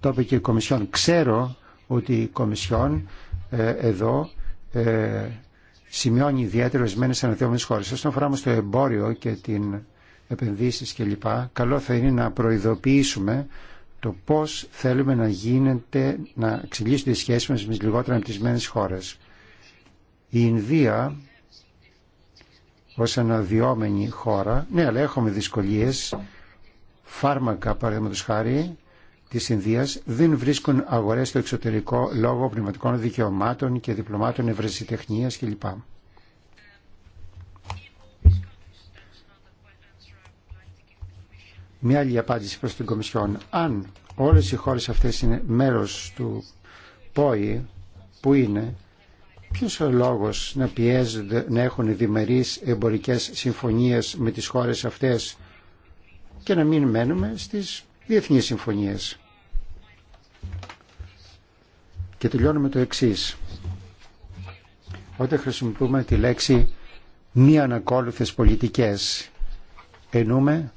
Το είπε και η Κομισιόν. Ξέρω ότι η Κομισιόν ε, εδώ ε, σημειώνει ιδιαίτερα ορισμένε αναδυόμενε χώρε. Όσον αφορά όμω το εμπόριο και την επενδύσει, κλπ. Καλό θα είναι να προειδοποιήσουμε το πώς θέλουμε να γίνεται, να εξελίσσονται οι σχέσει μας με τις λιγότερα αναπτυσμένες χώρε. Η Ινδία ως αναδυόμενη χώρα. Ναι, αλλά έχουμε δυσκολίες. Φάρμακα, παραδείγματος χάρη, της Ινδίας δεν βρίσκουν αγορές στο εξωτερικό λόγω πνευματικών δικαιωμάτων και διπλωμάτων ευρεσιτεχνίας κλπ. Μια άλλη απάντηση προς την Κομισιόν. Αν όλες οι χώρες αυτές είναι μέρος του ΠΟΗ, που είναι, Ποιο ο λόγος να πιέζονται να έχουν διμερείς εμπορικές συμφωνίες με τις χώρες αυτές και να μην μένουμε στις διεθνείς συμφωνίες. Και τελειώνουμε το εξή. Όταν χρησιμοποιούμε τη λέξη μη ανακόλουθες πολιτικές εννοούμε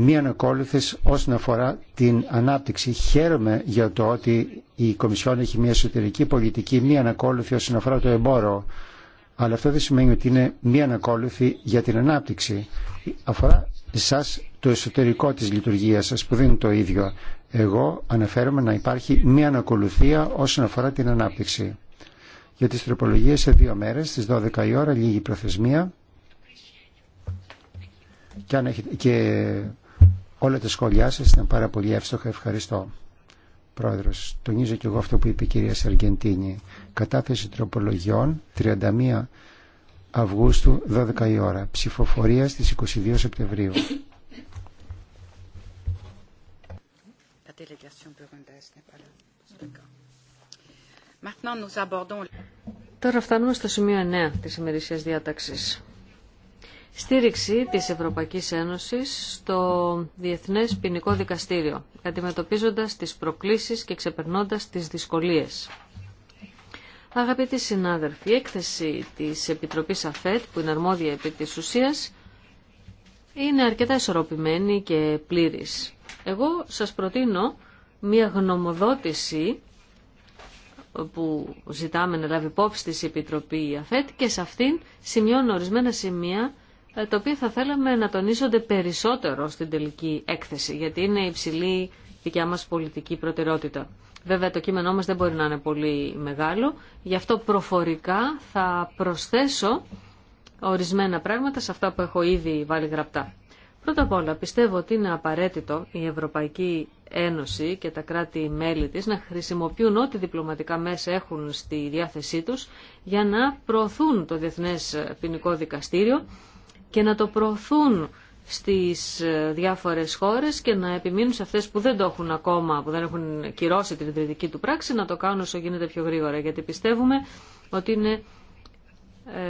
μία ανακόλουθες όσον αφορά την ανάπτυξη. Χαίρομαι για το ότι η Κομισιόν έχει μία εσωτερική πολιτική, μία ανακόλουθη όσον αφορά το εμπόρο. Αλλά αυτό δεν σημαίνει ότι είναι μία ανακόλουθη για την ανάπτυξη. Αφορά εσά το εσωτερικό της λειτουργίας σας που δεν είναι το ίδιο. Εγώ αναφέρομαι να υπάρχει μία ανακολουθία όσον αφορά την ανάπτυξη. Για τις τροπολογίες σε δύο μέρες, στις 12 η ώρα, λίγη προθεσμία. Και, αν έχετε, και Όλα τα σχόλιά σα, ήταν πάρα πολύ εύστοχα. Ευχαριστώ. Πρόεδρος, τονίζω και εγώ αυτό που είπε η κυρία Σαργεντίνη. Κατάθεση τροπολογιών 31 Αυγούστου 12 η ώρα. Ψηφοφορία στι 22 Σεπτεμβρίου. Τώρα φτάνουμε στο σημείο 9 της ημερησίας διάταξης. Στήριξη της Ευρωπαϊκής Ένωσης στο Διεθνές Ποινικό Δικαστήριο, αντιμετωπίζοντας τις προκλήσεις και ξεπερνώντας τις δυσκολίες. Αγαπητοί συνάδελφοι, η έκθεση της Επιτροπής ΑΦΕΤ, που είναι αρμόδια επί της ουσίας, είναι αρκετά ισορροπημένη και πλήρης. Εγώ σας προτείνω μια γνωμοδότηση που ζητάμε να λάβει υπόψη της Επιτροπή ΑΦΕΤ και σε αυτήν σημειώνω ορισμένα σημεία ε, τα οποία θα θέλαμε να τονίζονται περισσότερο στην τελική έκθεση, γιατί είναι υψηλή δικιά μας πολιτική προτεραιότητα. Βέβαια το κείμενό μας δεν μπορεί να είναι πολύ μεγάλο, γι' αυτό προφορικά θα προσθέσω ορισμένα πράγματα σε αυτά που έχω ήδη βάλει γραπτά. Πρώτα απ' όλα πιστεύω ότι είναι απαραίτητο η Ευρωπαϊκή Ένωση και τα κράτη-μέλη της να χρησιμοποιούν ό,τι διπλωματικά μέσα έχουν στη διάθεσή τους για να προωθούν το Διεθνές Ποινικό Δικαστήριο και να το προωθούν στις ε, διάφορες χώρες και να επιμείνουν σε αυτές που δεν το έχουν ακόμα, που δεν έχουν κυρώσει την ιδρυτική του πράξη, να το κάνουν όσο γίνεται πιο γρήγορα. Γιατί πιστεύουμε ότι είναι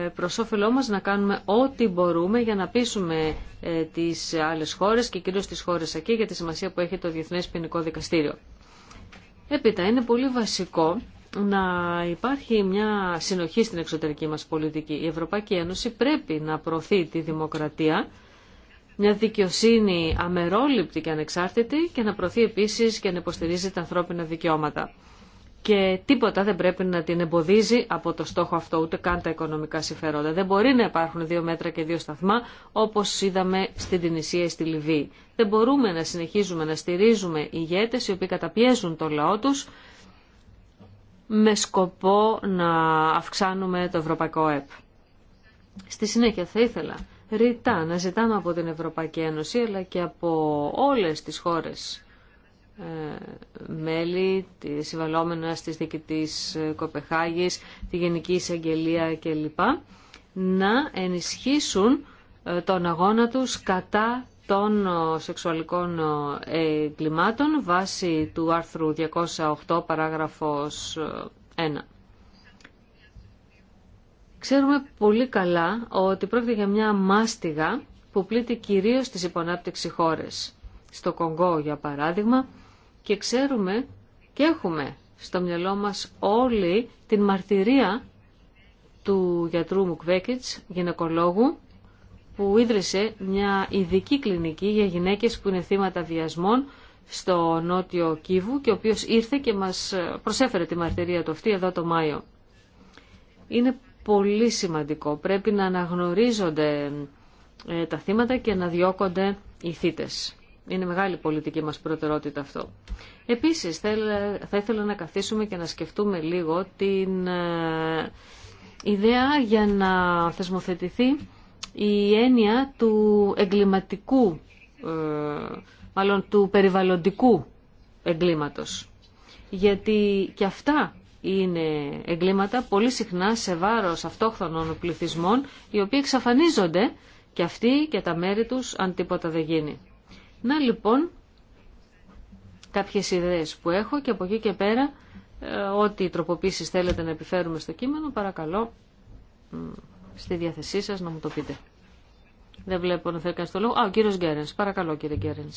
ε, προς όφελό μας να κάνουμε ό,τι μπορούμε για να πείσουμε ε, τις άλλες χώρες και κυρίως τις χώρες εκεί για τη σημασία που έχει το Διεθνές Ποινικό Δικαστήριο. Έπειτα είναι πολύ βασικό να υπάρχει μια συνοχή στην εξωτερική μας πολιτική. Η Ευρωπαϊκή Ένωση πρέπει να προωθεί τη δημοκρατία, μια δικαιοσύνη αμερόληπτη και ανεξάρτητη και να προωθεί επίσης και να υποστηρίζει τα ανθρώπινα δικαιώματα. Και τίποτα δεν πρέπει να την εμποδίζει από το στόχο αυτό, ούτε καν τα οικονομικά συμφέροντα. Δεν μπορεί να υπάρχουν δύο μέτρα και δύο σταθμά, όπω είδαμε στην Τινησία ή στη Λιβύη. Δεν μπορούμε να συνεχίζουμε να στηρίζουμε ηγέτε οι οποίοι καταπιέζουν το λαό του με σκοπό να αυξάνουμε το ευρωπαϊκό ΕΠ. Στη συνέχεια θα ήθελα ρητά να ζητάμε από την Ευρωπαϊκή Ένωση αλλά και από όλες τις χώρες ε, μέλη της συμβαλόμενας της διοικητής ε, Κοπεχάγης, τη Γενική Εισαγγελία κλπ. να ενισχύσουν ε, τον αγώνα τους κατά των ε, σεξουαλικών ε, εγκλημάτων βάσει του άρθρου 208 παράγραφος 1. Ε, ξέρουμε πολύ καλά ότι πρόκειται για μια μάστιγα που πλήττει κυρίως στις υπονάπτυξη χώρες. Στο Κονγκό, για παράδειγμα, και ξέρουμε και έχουμε στο μυαλό μας όλη την μαρτυρία του γιατρού Μουκβέκητς, γυναικολόγου, που ίδρυσε μια ειδική κλινική για γυναίκες που είναι θύματα βιασμών στο νότιο Κίβου και ο οποίος ήρθε και μας προσέφερε τη μαρτυρία του αυτή εδώ το Μάιο. Είναι πολύ σημαντικό. Πρέπει να αναγνωρίζονται ε, τα θύματα και να διώκονται οι θύτες. Είναι μεγάλη πολιτική μας προτερότητα αυτό. Επίσης θα ήθελα να καθίσουμε και να σκεφτούμε λίγο την ε, ιδέα για να θεσμοθετηθεί η έννοια του εγκληματικού, ε, μάλλον του περιβαλλοντικού εγκλήματος. Γιατί και αυτά είναι εγκλήματα πολύ συχνά σε βάρος αυτόχθονων πληθυσμών, οι οποίοι εξαφανίζονται και αυτοί και τα μέρη τους αν τίποτα δεν γίνει. Να λοιπόν κάποιες ιδέες που έχω και από εκεί και πέρα ε, ό,τι τροποποίησεις θέλετε να επιφέρουμε στο κείμενο παρακαλώ στη διάθεσή σας να μου το πείτε. Δεν βλέπω να θέλει το λόγο. Α, ο κύριο Γκέρεν. Παρακαλώ κύριε Γκέρεν.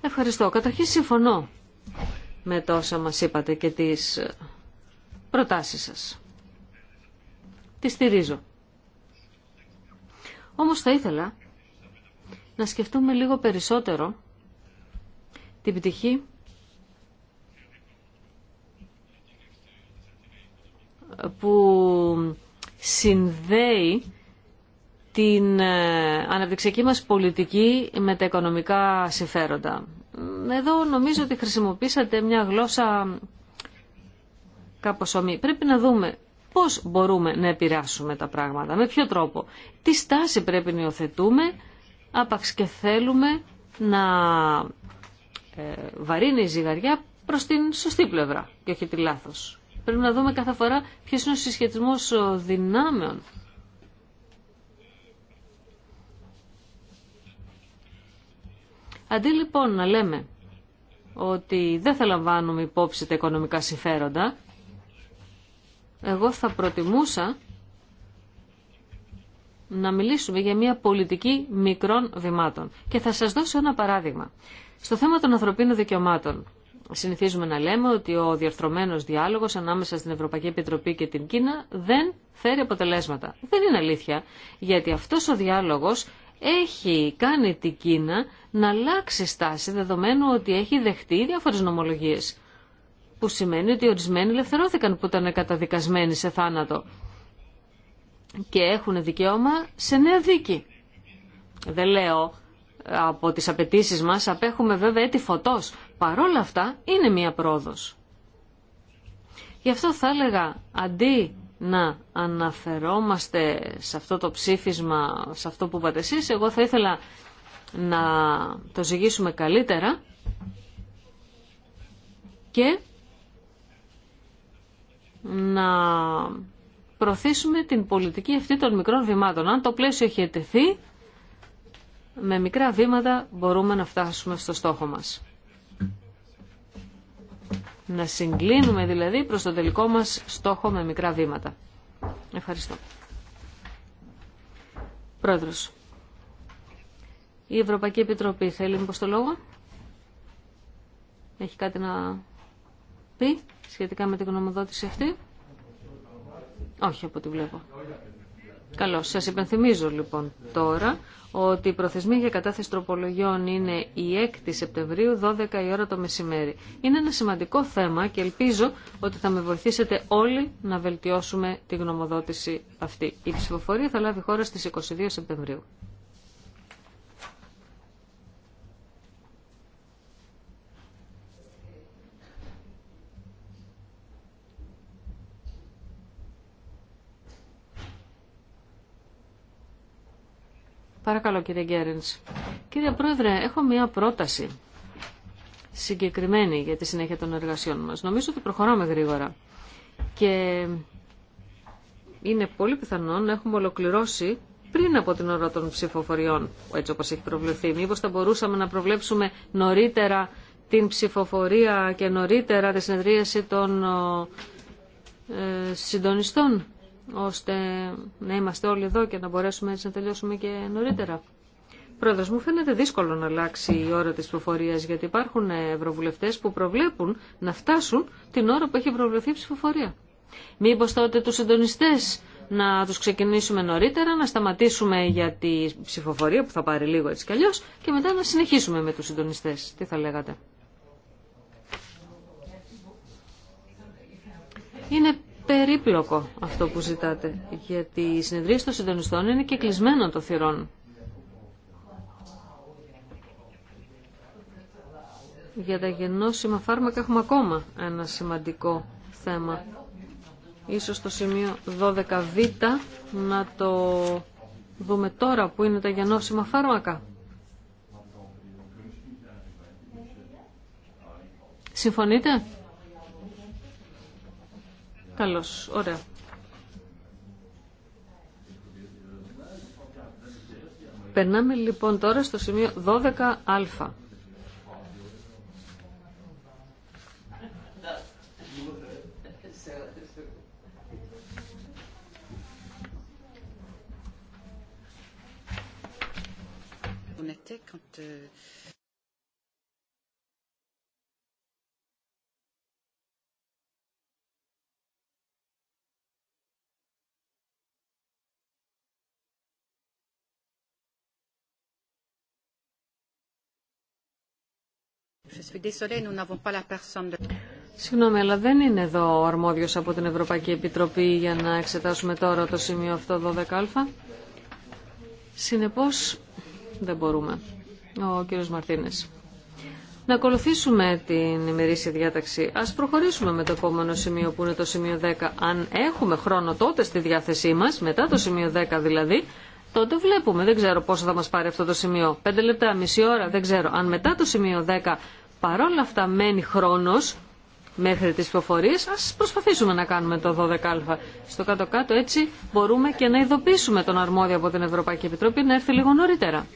Ευχαριστώ. Καταρχήν συμφωνώ με όσα μας είπατε και τις ε, προτάσεις σας. Τις στηρίζω. Όμως θα ήθελα να σκεφτούμε λίγο περισσότερο την πτυχή που συνδέει την ε, αναπτυξιακή μας πολιτική με τα οικονομικά συμφέροντα. Εδώ νομίζω ότι χρησιμοποίησατε μια γλώσσα κάπως ομή. Πρέπει να δούμε πώς μπορούμε να επηρεάσουμε τα πράγματα, με ποιο τρόπο. Τι στάση πρέπει να υιοθετούμε, άπαξ και θέλουμε να ε, βαρύνει η ζυγαριά προς την σωστή πλευρά και όχι τη λάθος. Πρέπει να δούμε κάθε φορά ποιος είναι ο συσχετισμός δυνάμεων Αντί λοιπόν να λέμε ότι δεν θα λαμβάνουμε υπόψη τα οικονομικά συμφέροντα, εγώ θα προτιμούσα να μιλήσουμε για μια πολιτική μικρών βημάτων. Και θα σας δώσω ένα παράδειγμα. Στο θέμα των ανθρωπίνων δικαιωμάτων, συνηθίζουμε να λέμε ότι ο διαρθρωμένος διάλογος ανάμεσα στην Ευρωπαϊκή Επιτροπή και την Κίνα δεν φέρει αποτελέσματα. Δεν είναι αλήθεια, γιατί αυτός ο διάλογος έχει κάνει την Κίνα να αλλάξει στάση δεδομένου ότι έχει δεχτεί διάφορε νομολογίε. που σημαίνει ότι ορισμένοι ελευθερώθηκαν που ήταν καταδικασμένοι σε θάνατο και έχουν δικαίωμα σε νέα δίκη. Δεν λέω ε, από τις απαιτήσει μας, απέχουμε βέβαια έτη φωτός. Παρόλα αυτά είναι μία πρόοδος. Γι' αυτό θα έλεγα, αντί να αναφερόμαστε σε αυτό το ψήφισμα, σε αυτό που είπατε εσείς. Εγώ θα ήθελα να το ζυγίσουμε καλύτερα και να προωθήσουμε την πολιτική αυτή των μικρών βημάτων. Αν το πλαίσιο έχει ετεθεί, με μικρά βήματα μπορούμε να φτάσουμε στο στόχο μας. Να συγκλίνουμε δηλαδή προς το τελικό μας στόχο με μικρά βήματα. Ευχαριστώ. Πρόεδρος. Η Ευρωπαϊκή Επιτροπή θέλει μήπως το λόγο. Έχει κάτι να πει σχετικά με την γνωμοδότηση αυτή. Όχι από ό,τι βλέπω. Καλώ. Σας υπενθυμίζω λοιπόν τώρα ότι η προθεσμία για κατάθεση τροπολογιών είναι η 6η Σεπτεμβρίου, 12 η ώρα το μεσημέρι. Είναι ένα σημαντικό θέμα και ελπίζω ότι θα με βοηθήσετε όλοι να βελτιώσουμε τη γνωμοδότηση αυτή. Η ψηφοφορία θα λάβει χώρα στις 22 Σεπτεμβρίου. Παρακαλώ κύριε Γκέρενς. Κύριε Πρόεδρε, έχω μία πρόταση συγκεκριμένη για τη συνέχεια των εργασιών μας. Νομίζω ότι προχωράμε γρήγορα και είναι πολύ πιθανό να έχουμε ολοκληρώσει πριν από την ώρα των ψηφοφοριών, έτσι όπως έχει προβλεφθεί. Μήπως θα μπορούσαμε να προβλέψουμε νωρίτερα την ψηφοφορία και νωρίτερα τη συνεδρίαση των ε, συντονιστών ώστε να είμαστε όλοι εδώ και να μπορέσουμε έτσι να τελειώσουμε και νωρίτερα. Πρόεδρος, μου φαίνεται δύσκολο να αλλάξει η ώρα της ψηφοφορίας, γιατί υπάρχουν ευρωβουλευτές που προβλέπουν να φτάσουν την ώρα που έχει προβλεφθεί η ψηφοφορία. Μήπως τότε τους συντονιστές να τους ξεκινήσουμε νωρίτερα, να σταματήσουμε για τη ψηφοφορία που θα πάρει λίγο έτσι κι αλλιώς και μετά να συνεχίσουμε με τους συντονιστές. Τι θα λέγατε. Είναι περίπλοκο αυτό που ζητάτε, γιατί οι συνεδρίες των συντονιστών είναι και κλεισμένο το θυρών. Για τα γεννόσιμα φάρμακα έχουμε ακόμα ένα σημαντικό θέμα. Ίσως το σημείο 12β να το δούμε τώρα που είναι τα γεννόσιμα φάρμακα. Συμφωνείτε? Καλώς, ωραία. Περνάμε λοιπόν τώρα στο σημείο 12α. On était Συγγνώμη, αλλά δεν είναι εδώ ο αρμόδιος από την Ευρωπαϊκή Επιτροπή για να εξετάσουμε τώρα το σημείο αυτό 12α. συνεπω δεν μπορούμε. Ο κυριο Μαρτίνες. Να ακολουθήσουμε την ημερήσια διάταξη. Ας προχωρήσουμε με το επόμενο σημείο που είναι το σημείο 10. Αν έχουμε χρόνο τότε στη διάθεσή μας, μετά το σημείο 10 δηλαδή, τότε βλέπουμε. Δεν ξέρω πόσο θα μας πάρει αυτό το σημείο. Πέντε λεπτά, μισή ώρα, δεν ξέρω. Αν μετά το σημείο 10 παρόλα αυτά μένει χρόνος μέχρι τις προφορίες, ας προσπαθήσουμε να κάνουμε το 12α. Στο κάτω-κάτω έτσι μπορούμε και να ειδοποιήσουμε τον αρμόδιο από την Ευρωπαϊκή Επιτροπή να έρθει λίγο νωρίτερα.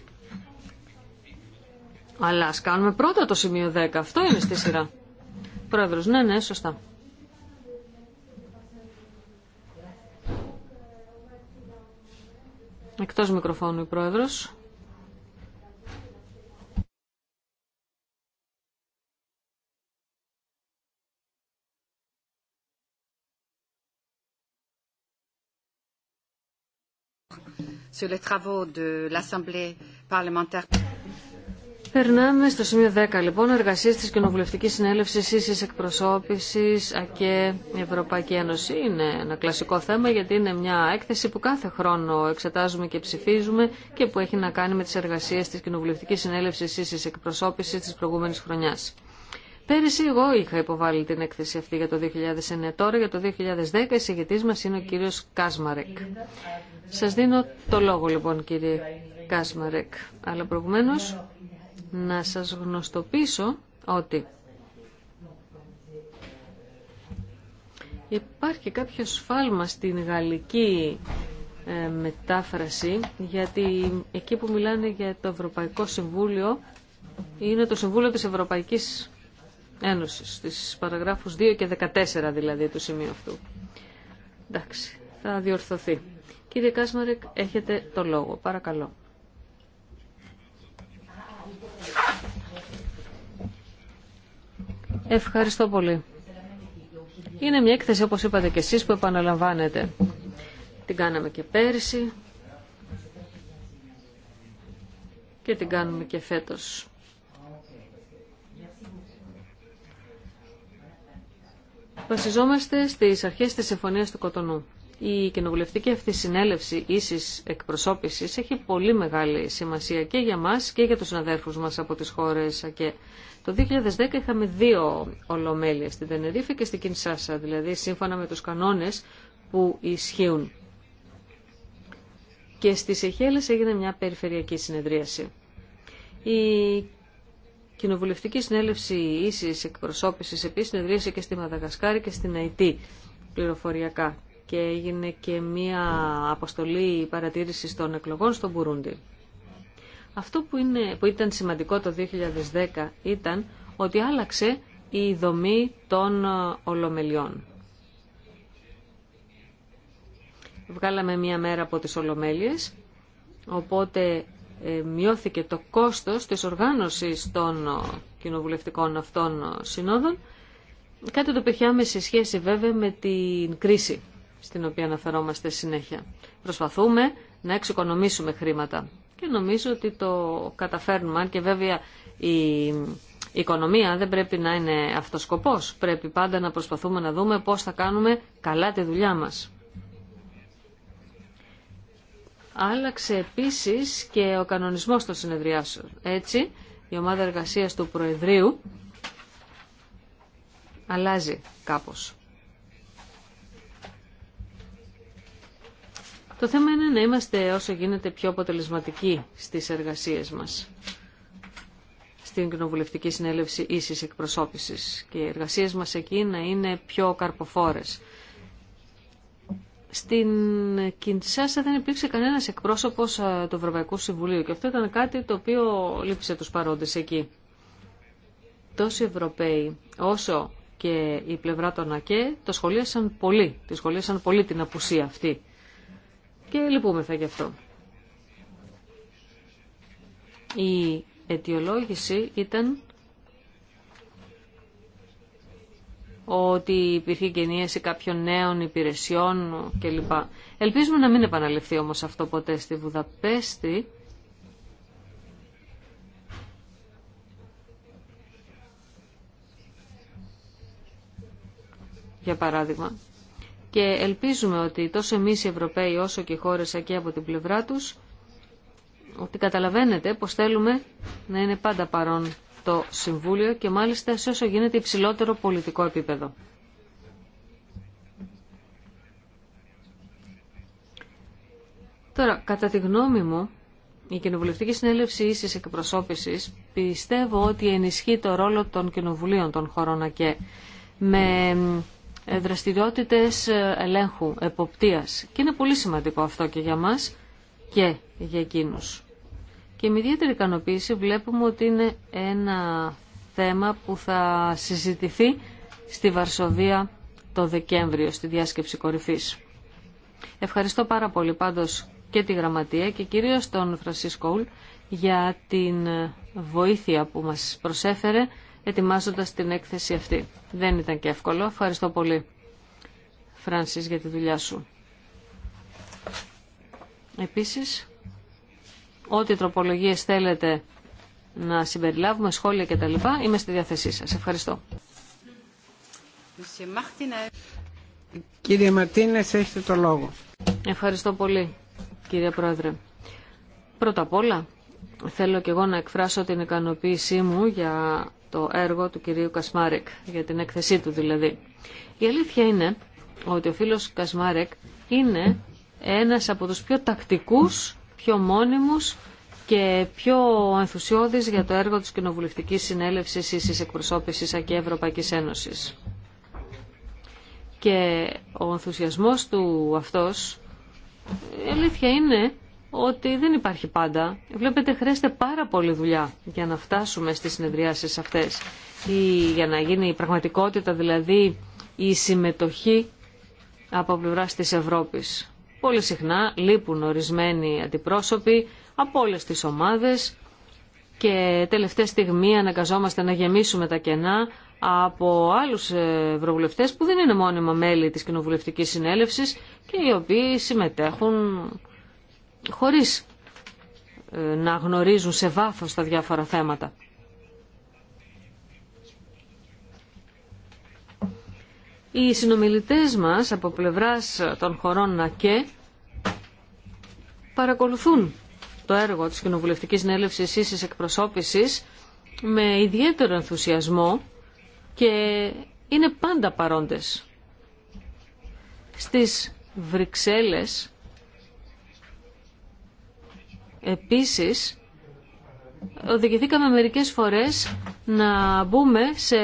Αλλά ας κάνουμε πρώτα το σημείο 10. Αυτό είναι στη σειρά. Πρόεδρος, ναι, ναι, σωστά. Εκτός μικροφώνου η Πρόεδρος. sur Περνάμε στο σημείο 10 λοιπόν, εργασίε τη Κοινοβουλευτική Συνέλευση ίση εκπροσώπηση ΑΚΕ Ευρωπαϊκή Ένωση. Είναι ένα κλασικό θέμα γιατί είναι μια έκθεση που κάθε χρόνο εξετάζουμε και ψηφίζουμε και που έχει να κάνει με τι εργασίε τη Κοινοβουλευτική Συνέλευση ίση εκπροσώπηση τη προηγούμενη χρονιά. Πέρυσι εγώ είχα υποβάλει την έκθεση αυτή για το 2009. Τώρα για το 2010 η συγγετής μας είναι ο κύριος Κάσμαρεκ. Σας δίνω το λόγο λοιπόν κύριε Κάσμαρεκ. Αλλά προηγουμένως να σας γνωστοποιήσω ότι υπάρχει κάποιο σφάλμα στην γαλλική ε, μετάφραση γιατί εκεί που μιλάνε για το Ευρωπαϊκό Συμβούλιο είναι το Συμβούλιο της Ευρωπαϊκής Ένωση στις παραγράφους 2 και 14 δηλαδή του σημείου αυτού. Εντάξει, θα διορθωθεί. Κύριε Κάσμαρεκ, έχετε το λόγο. Παρακαλώ. Ευχαριστώ πολύ. Είναι μια έκθεση, όπως είπατε και εσείς, που επαναλαμβάνεται. Την κάναμε και πέρσι και την κάνουμε και φέτος. βασιζόμαστε στις αρχές της Συμφωνία του Κοτονού. Η κοινοβουλευτική αυτή συνέλευση ίση εκπροσώπηση έχει πολύ μεγάλη σημασία και για μας και για τους συναδέρφους μας από τις χώρες ΑΚΕ. Το 2010 είχαμε δύο ολομέλειες, στην Τενερίφη και στην Κινσάσα, δηλαδή σύμφωνα με τους κανόνες που ισχύουν. Και στι Εχέλε έγινε μια περιφερειακή συνεδρίαση. Η Κοινοβουλευτική Συνέλευση Ίσης εκπροσώπηση επίση συνεδρίασε και στη Μαδαγασκάρη και στην Αϊτή πληροφοριακά και έγινε και μία αποστολή παρατήρηση των εκλογών στον Μπουρούντι. Αυτό που, είναι, ήταν σημαντικό το 2010 ήταν ότι άλλαξε η δομή των Ολομελιών. Βγάλαμε μία μέρα από τις Ολομέλειες, οπότε ε, μειώθηκε το κόστος της οργάνωσης των κοινοβουλευτικών αυτών συνόδων, κάτι το οποίο σε σχέση βέβαια με την κρίση στην οποία αναφερόμαστε συνέχεια. Προσπαθούμε να εξοικονομήσουμε χρήματα και νομίζω ότι το καταφέρνουμε, αν και βέβαια η οικονομία δεν πρέπει να είναι αυτός σκοπός. Πρέπει πάντα να προσπαθούμε να δούμε πώς θα κάνουμε καλά τη δουλειά μας. Άλλαξε επίσης και ο κανονισμός των συνεδριάσεων. Έτσι, η ομάδα εργασίας του προεδρίου αλλάζει κάπως. Το θέμα είναι να είμαστε όσο γίνεται πιο αποτελεσματικοί στις εργασίες μας στην κοινοβουλευτική συνέλευση ίσης εκπροσώπησης και οι εργασίες μας εκεί να είναι πιο καρποφόρες. Στην Κιντσάσα δεν υπήρξε κανένας εκπρόσωπος του Ευρωπαϊκού Συμβουλίου και αυτό ήταν κάτι το οποίο λείψε τους παρόντες εκεί. Τόσοι Ευρωπαίοι όσο και η πλευρά των ΑΚΕ το σχολίασαν πολύ, τη σχολίασαν πολύ την απουσία αυτή. Και λυπούμεθα γι' αυτό. Η αιτιολόγηση ήταν ότι υπήρχε γενίαση κάποιων νέων υπηρεσιών κλπ. Ελπίζουμε να μην επαναληφθεί όμως αυτό ποτέ στη Βουδαπέστη. Για παράδειγμα. Και ελπίζουμε ότι τόσο εμείς οι Ευρωπαίοι όσο και οι χώρες εκεί από την πλευρά τους ότι καταλαβαίνετε πως θέλουμε να είναι πάντα παρόν το Συμβούλιο και μάλιστα σε όσο γίνεται υψηλότερο πολιτικό επίπεδο. Τώρα, κατά τη γνώμη μου, η Κοινοβουλευτική Συνέλευση Ίσης Εκπροσώπησης πιστεύω ότι ενισχύει το ρόλο των κοινοβουλίων των χωρών ΑΚΕ με ε, δραστηριότητες ε, ελέγχου, εποπτείας. Και είναι πολύ σημαντικό αυτό και για μας και για εκείνους. Και με ιδιαίτερη ικανοποίηση βλέπουμε ότι είναι ένα θέμα που θα συζητηθεί στη Βαρσοβία το Δεκέμβριο, στη διάσκεψη κορυφής. Ευχαριστώ πάρα πολύ πάντως και τη Γραμματεία και κυρίως τον Φρανσίσκο για την βοήθεια που μας προσέφερε ετοιμάζοντας την έκθεση αυτή. Δεν ήταν και εύκολο. Ευχαριστώ πολύ, Φράνσις, για τη δουλειά σου. Επίσης, ό,τι τροπολογίες θέλετε να συμπεριλάβουμε, σχόλια κτλ. Είμαι στη διάθεσή σας. Ευχαριστώ. Κύριε Μαρτίνες, έχετε το λόγο. Ευχαριστώ πολύ, κύριε Πρόεδρε. Πρώτα απ' όλα, θέλω και εγώ να εκφράσω την ικανοποίησή μου για το έργο του κυρίου Κασμάρεκ, για την έκθεσή του δηλαδή. Η αλήθεια είναι ότι ο φίλος Κασμάρεκ είναι ένας από τους πιο τακτικούς πιο μόνιμους και πιο ενθουσιώδης για το έργο της Κοινοβουλευτικής Συνέλευσης ή της Εκπροσώπησης και Ευρωπαϊκής Ένωσης. Και ο ενθουσιασμός του αυτός, η αλήθεια είναι ότι δεν υπάρχει πάντα. Βλέπετε, χρειάζεται πάρα πολύ δουλειά για να φτάσουμε στις συνεδριάσεις αυτές ή για να γίνει η πραγματικότητα, δηλαδή η συμμετοχή από πλευρά της Ευρώπης πολύ συχνά λείπουν ορισμένοι αντιπρόσωποι από όλες τις ομάδες και τελευταία στιγμή αναγκαζόμαστε να γεμίσουμε τα κενά από άλλους ευρωβουλευτές που δεν είναι μόνιμα μέλη της Κοινοβουλευτικής Συνέλευσης και οι οποίοι συμμετέχουν χωρίς ε, να γνωρίζουν σε βάθος τα διάφορα θέματα. Οι συνομιλητές μας από πλευράς των χωρών ΝΑΚΕ παρακολουθούν το έργο της Κοινοβουλευτικής Συνέλευσης Ίσης Εκπροσώπησης με ιδιαίτερο ενθουσιασμό και είναι πάντα παρόντες. Στις Βρυξέλλες επίσης οδηγηθήκαμε μερικές φορές να μπούμε σε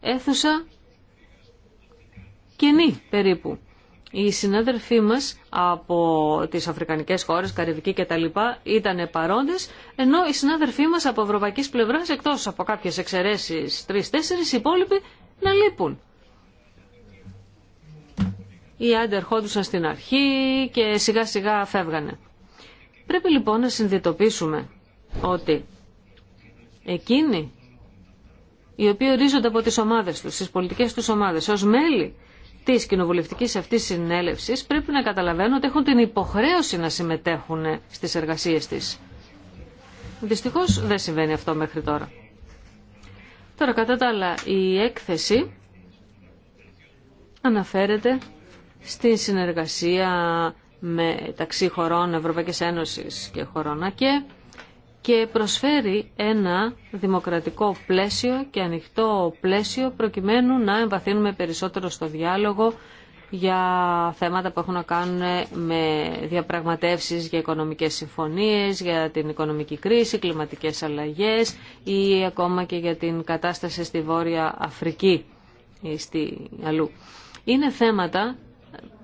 αίθουσα κοινή περίπου. Οι συνάδελφοί μας από τις αφρικανικές χώρες, Καρυβική κτλ. ήταν παρόντες, ενώ οι συνάδελφοί μας απο Ευρωπαϊκή Πλευρά, πλευράς, εκτός από εξαιρέσει τρει, τέσσερι οι υπόλοιποι να λείπουν. Οι άντε ερχόντουσαν στην αρχή και σιγά σιγά φεύγανε. Πρέπει λοιπόν να συνειδητοποιήσουμε ότι εκείνοι οι οποίοι ορίζονται από τις ομάδες τους, τις πολιτικές τους ομάδες, ως μέλη τη κοινοβουλευτική αυτής συνέλευσης πρέπει να καταλαβαίνουν ότι έχουν την υποχρέωση να συμμετέχουν στις εργασίες τη. Δυστυχώ δεν συμβαίνει αυτό μέχρι τώρα. Τώρα κατά τα άλλα η έκθεση αναφέρεται στη συνεργασία μεταξύ χωρών Ευρωπαϊκής Ένωσης και χωρών ΑΚΕ και προσφέρει ένα δημοκρατικό πλαίσιο και ανοιχτό πλαίσιο προκειμένου να εμβαθύνουμε περισσότερο στο διάλογο για θέματα που έχουν να κάνουν με διαπραγματεύσεις για οικονομικές συμφωνίες, για την οικονομική κρίση, κλιματικές αλλαγές ή ακόμα και για την κατάσταση στη Βόρεια Αφρική ή στη αλλού. Είναι θέματα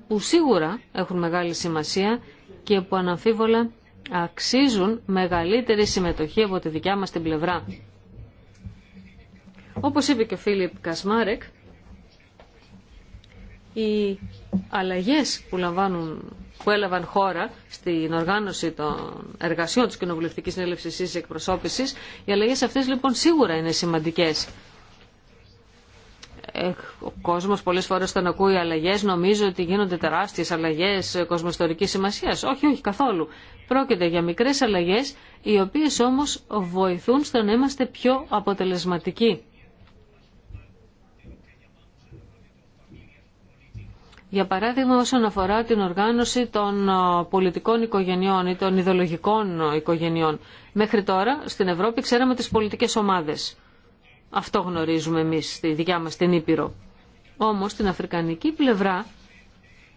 που σίγουρα έχουν μεγάλη σημασία και που αναμφίβολα αξίζουν μεγαλύτερη συμμετοχή από τη δικιά μας την πλευρά. Όπως είπε και ο Φίλιπ Κασμάρεκ, οι αλλαγές που, που έλαβαν χώρα στην οργάνωση των εργασιών της Κοινοβουλευτικής Συνέλευσης ή εκπροσώπησης, οι αλλαγές αυτές λοιπόν σίγουρα είναι σημαντικές ο κόσμος πολλέ φορέ τον ακούει αλλαγέ, Νομίζω ότι γίνονται τεράστιες αλλαγέ κοσμοστορική σημασίας. Όχι, όχι καθόλου. Πρόκειται για μικρές αλλαγέ, οι οποίες όμως βοηθούν στο να είμαστε πιο αποτελεσματικοί. Για παράδειγμα όσον αφορά την οργάνωση των ε, πολιτικών οικογενειών ή των ιδεολογικών οικογενειών. Μέχρι τώρα στην Ευρώπη ξέραμε τις πολιτικές ομάδες. Αυτό γνωρίζουμε εμείς στη δικιά μας την Ήπειρο. Όμως στην αφρικανική πλευρά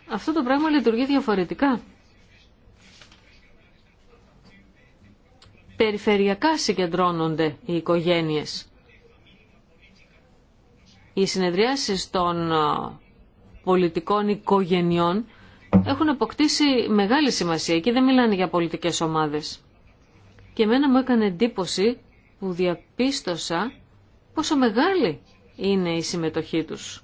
αυτό το πράγμα λειτουργεί διαφορετικά. Περιφερειακά συγκεντρώνονται οι οικογένειες. Οι συνεδριάσεις των πολιτικών οικογενειών έχουν αποκτήσει μεγάλη σημασία. και δεν μιλάνε για πολιτικές ομάδες. Και μένα μου έκανε εντύπωση που διαπίστωσα πόσο μεγάλη είναι η συμμετοχή τους.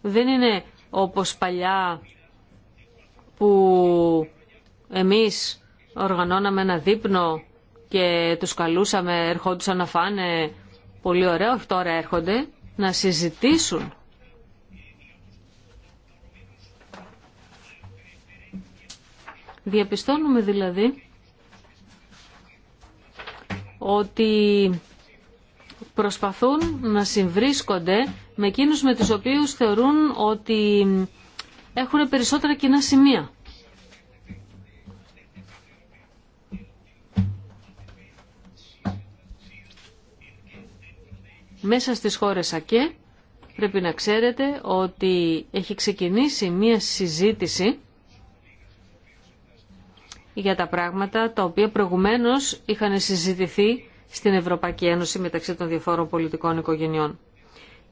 Δεν είναι όπως παλιά που εμείς οργανώναμε ένα δείπνο και τους καλούσαμε, ερχόντουσαν να φάνε πολύ ωραίο, όχι τώρα έρχονται, να συζητήσουν Διαπιστώνουμε δηλαδή ότι προσπαθούν να συμβρίσκονται με εκείνους με τους οποίους θεωρούν ότι έχουν περισσότερα κοινά σημεία. Μέσα στις χώρες ΑΚΕ πρέπει να ξέρετε ότι έχει ξεκινήσει μία συζήτηση για τα πράγματα τα οποία προηγουμένως είχαν συζητηθεί στην Ευρωπαϊκή Ένωση μεταξύ των διαφόρων πολιτικών οικογενειών.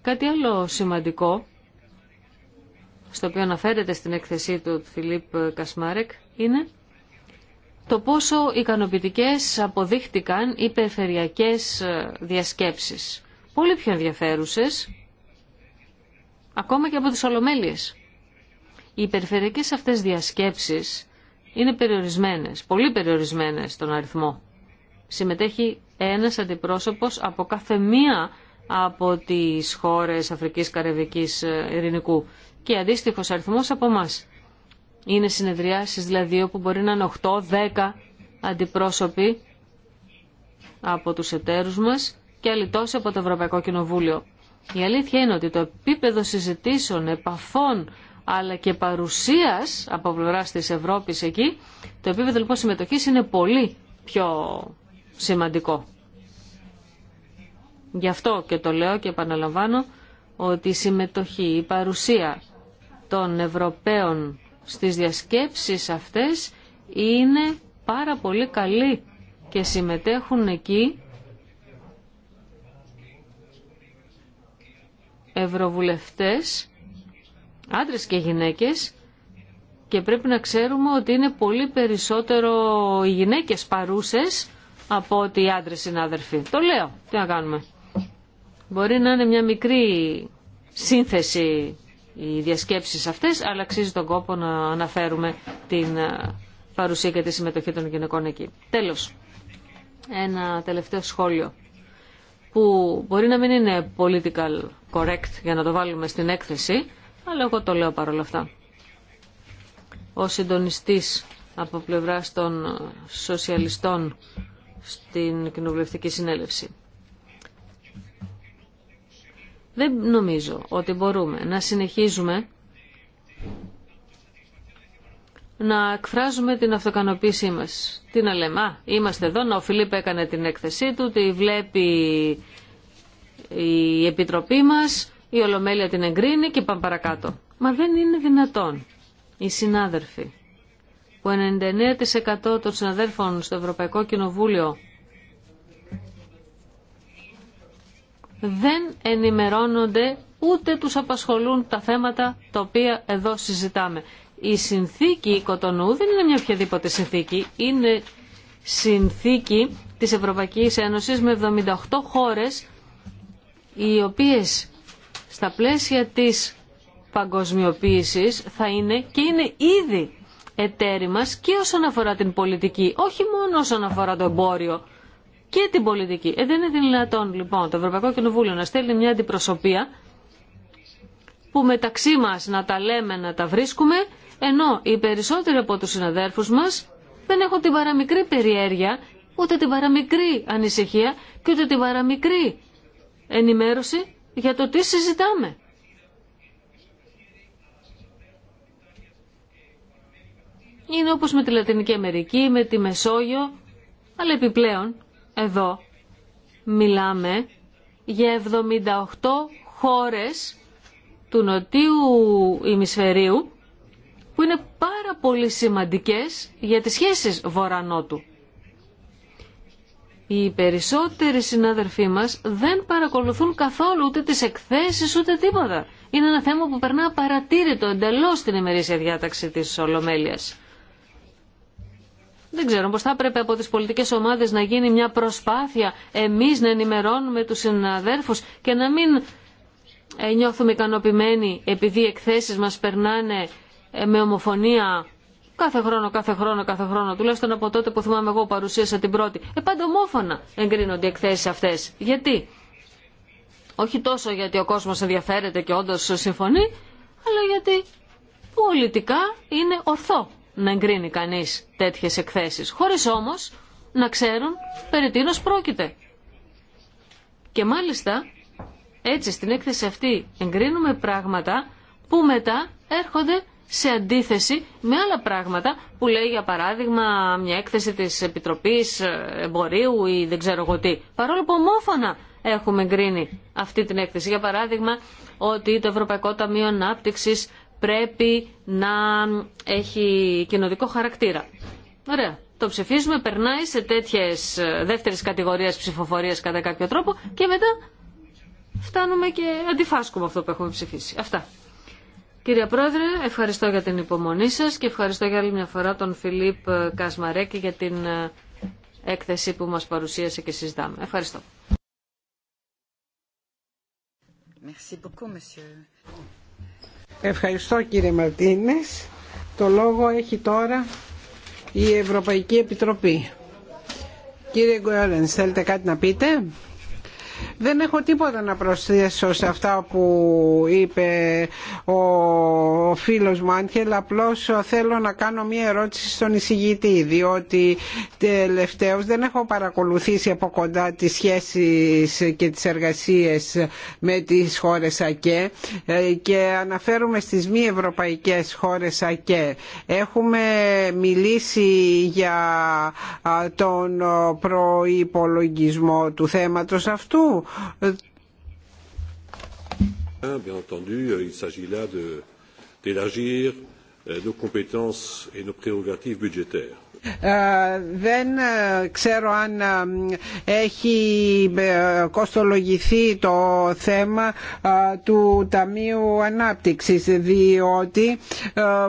Κάτι άλλο σημαντικό, στο οποίο αναφέρεται στην έκθεσή του Φιλίπ Κασμάρεκ, είναι το πόσο ικανοποιητικές αποδείχτηκαν οι περιφερειακές διασκέψεις. Πολύ πιο ενδιαφέρουσες, ακόμα και από τις ολομέλειες. Οι περιφερειακές αυτές διασκέψεις είναι περιορισμένες, πολύ περιορισμένες στον αριθμό. Συμμετέχει ένας αντιπρόσωπος από κάθε μία από τις χώρες Αφρικής, Καραβικής, ε, Ειρηνικού και αντίστοιχος αριθμός από εμά. Είναι συνεδριάσεις δηλαδή όπου μπορεί να είναι 8-10 αντιπρόσωποι από τους εταίρους μας και άλλοι από το Ευρωπαϊκό Κοινοβούλιο. Η αλήθεια είναι ότι το επίπεδο συζητήσεων, επαφών αλλά και παρουσίας από πλευρά της Ευρώπης εκεί, το επίπεδο λοιπόν συμμετοχής είναι πολύ πιο σημαντικό. Γι' αυτό και το λέω και επαναλαμβάνω ότι η συμμετοχή, η παρουσία των Ευρωπαίων στις διασκέψεις αυτές είναι πάρα πολύ καλή και συμμετέχουν εκεί ευρωβουλευτές άντρες και γυναίκες και πρέπει να ξέρουμε ότι είναι πολύ περισσότερο οι γυναίκες παρούσες από ότι οι άντρες συνάδελφοι. Το λέω. Τι να κάνουμε. Μπορεί να είναι μια μικρή σύνθεση οι διασκέψεις αυτές, αλλά αξίζει τον κόπο να αναφέρουμε την ε, παρουσία και τη συμμετοχή των γυναικών εκεί. Τέλος, ένα τελευταίο σχόλιο που μπορεί να μην είναι political correct για να το βάλουμε στην έκθεση, αλλά εγώ το λέω παρόλα αυτά. Ο συντονιστής από πλευρά των σοσιαλιστών στην κοινοβουλευτική συνέλευση. Δεν νομίζω ότι μπορούμε να συνεχίζουμε να εκφράζουμε την αυτοκανοποίησή μας. Τι να λέμε, είμαστε εδώ, ο Φιλίπ έκανε την έκθεσή του, τη βλέπει η Επιτροπή μας, η Ολομέλεια την εγκρίνει και πάμε παρακάτω. Μα δεν είναι δυνατόν οι συνάδελφοι που 99% των συναδέλφων στο Ευρωπαϊκό Κοινοβούλιο δεν ενημερώνονται ούτε τους απασχολούν τα θέματα τα οποία εδώ συζητάμε. Η συνθήκη Κοτονού δεν είναι μια οποιαδήποτε συνθήκη, είναι συνθήκη της Ευρωπαϊκής Ένωσης με 78 χώρες οι οποίες στα πλαίσια της παγκοσμιοποίησης θα είναι και είναι ήδη εταίροι μας και όσον αφορά την πολιτική, όχι μόνο όσον αφορά το εμπόριο και την πολιτική. Ε, δεν είναι δυνατόν λοιπόν το Ευρωπαϊκό Κοινοβούλιο να στέλνει μια αντιπροσωπεία που μεταξύ μας να τα λέμε, να τα βρίσκουμε, ενώ οι περισσότεροι από τους συναδέρφους μας δεν έχουν την παραμικρή περιέργεια, ούτε την παραμικρή ανησυχία και ούτε την παραμικρή ενημέρωση για το τι συζητάμε. Είναι όπως με τη Λατινική Αμερική, με τη Μεσόγειο, αλλά επιπλέον εδώ μιλάμε για 78 χώρες του νοτίου ημισφαιρίου που είναι πάρα πολύ σημαντικές για τις σχέσεις βορρανότου οι περισσότεροι συνάδελφοί μας δεν παρακολουθούν καθόλου ούτε τις εκθέσεις ούτε τίποτα. Είναι ένα θέμα που περνά παρατήρητο εντελώς στην ημερήσια διάταξη της Ολομέλειας. Δεν ξέρω πως θα πρέπει από τις πολιτικές ομάδες να γίνει μια προσπάθεια εμείς να ενημερώνουμε τους συναδέρφους και να μην ε, νιώθουμε ικανοποιημένοι επειδή οι εκθέσεις μας περνάνε ε, με ομοφωνία Κάθε χρόνο, κάθε χρόνο, κάθε χρόνο, τουλάχιστον από τότε που θυμάμαι εγώ παρουσίασα την πρώτη. Ε, πάντα ομόφωνα εγκρίνονται οι εκθέσει αυτέ. Γιατί? Όχι τόσο γιατί ο κόσμο ενδιαφέρεται και όντω συμφωνεί, αλλά γιατί πολιτικά είναι ορθό να εγκρίνει κανεί τέτοιε εκθέσει. Χωρί όμω να ξέρουν περί τίνο πρόκειται. Και μάλιστα έτσι στην έκθεση αυτή εγκρίνουμε πράγματα που μετά έρχονται σε αντίθεση με άλλα πράγματα που λέει για παράδειγμα μια έκθεση της Επιτροπής ε, Εμπορίου ή δεν ξέρω εγώ τι. Παρόλο που ομόφωνα έχουμε γκρίνει αυτή την έκθεση. Για παράδειγμα ότι το Ευρωπαϊκό Ταμείο ανάπτυξη πρέπει να έχει κοινοτικό χαρακτήρα. Ωραία. Το ψηφίζουμε, περνάει σε τέτοιες ε, δεύτερες κατηγορίες ψηφοφορίας κατά κάποιο τρόπο και μετά φτάνουμε και αντιφάσκουμε αυτό που έχουμε ψηφίσει. Αυτά. Κύριε Πρόεδρε, ευχαριστώ για την υπομονή σας και ευχαριστώ για άλλη μια φορά τον Φιλίπ ε, Κασμαρέκη για την ε, έκθεση που μας παρουσίασε και συζητάμε. Ευχαριστώ. Ευχαριστώ κύριε Μαρτίνες. Το λόγο έχει τώρα η Ευρωπαϊκή Επιτροπή. Κύριε Γκοέρενς, θέλετε κάτι να πείτε. Δεν έχω τίποτα να προσθέσω σε αυτά που είπε ο φίλος μου Άγγελ, απλώς θέλω να κάνω μία ερώτηση στον εισηγητή, διότι τελευταίως δεν έχω παρακολουθήσει από κοντά τις σχέσεις και τις εργασίες με τις χώρες ΑΚΕ και αναφέρουμε στις μη ευρωπαϊκές χώρες ΑΚΕ. Έχουμε μιλήσει για τον προϋπολογισμό του θέματος αυτού Bien entendu, il s'agit là d'élargir nos compétences et nos prérogatives budgétaires ε, δεν ε, ξέρω αν ε, έχει κοστολογηθεί το θέμα του Ταμείου Ανάπτυξης διότι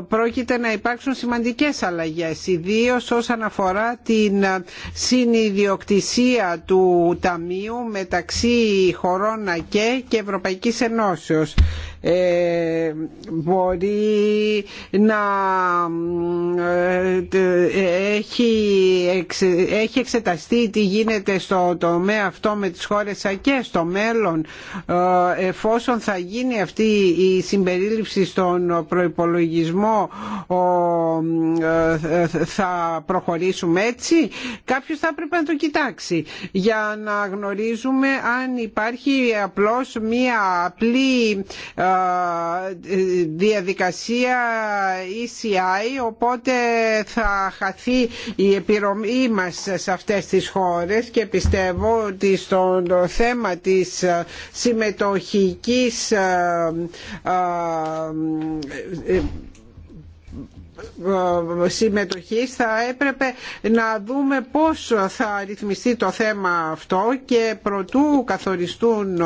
πρόκειται να υπάρξουν σημαντικές αλλαγές ιδίως όσον αφορά την συνειδιοκτησία του Ταμείου μεταξύ χωρών και, και Ευρωπαϊκής Ενώσεως ε, μπορεί να ε, έχει, έχει εξεταστεί τι γίνεται στο τομέα αυτό με τις χώρες και στο μέλλον ε, εφόσον θα γίνει αυτή η συμπερίληψη στον προϋπολογισμό θα προχωρήσουμε έτσι κάποιος θα πρέπει να το κοιτάξει για να γνωρίζουμε αν υπάρχει απλώς μία απλή διαδικασία ECI οπότε θα χαθεί η επιρροή μας σε αυτές τις χώρες και πιστεύω ότι στο θέμα της συμμετοχικής ε, ε, ε, συμμετοχής θα έπρεπε να δούμε πώς θα ρυθμιστεί το θέμα αυτό και προτού καθοριστούν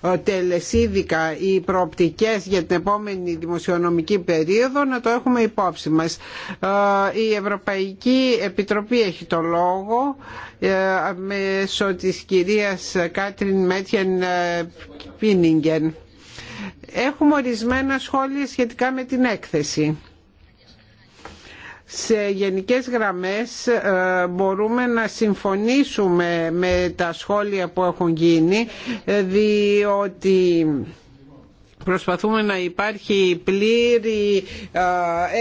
ε, τελεσίδικα οι προοπτικές για την επόμενη δημοσιονομική περίοδο να το έχουμε υπόψη μας. Ε, η Ευρωπαϊκή Επιτροπή έχει το λόγο μέσω της κυρίας Κάτριν Μέτιεν Πίνιγκεν. Έχουμε ορισμένα σχόλια σχετικά με την έκθεση σε γενικές γραμμές ε, μπορούμε να συμφωνήσουμε με τα σχόλια που έχουν γίνει ε, διότι Προσπαθούμε να υπάρχει πλήρη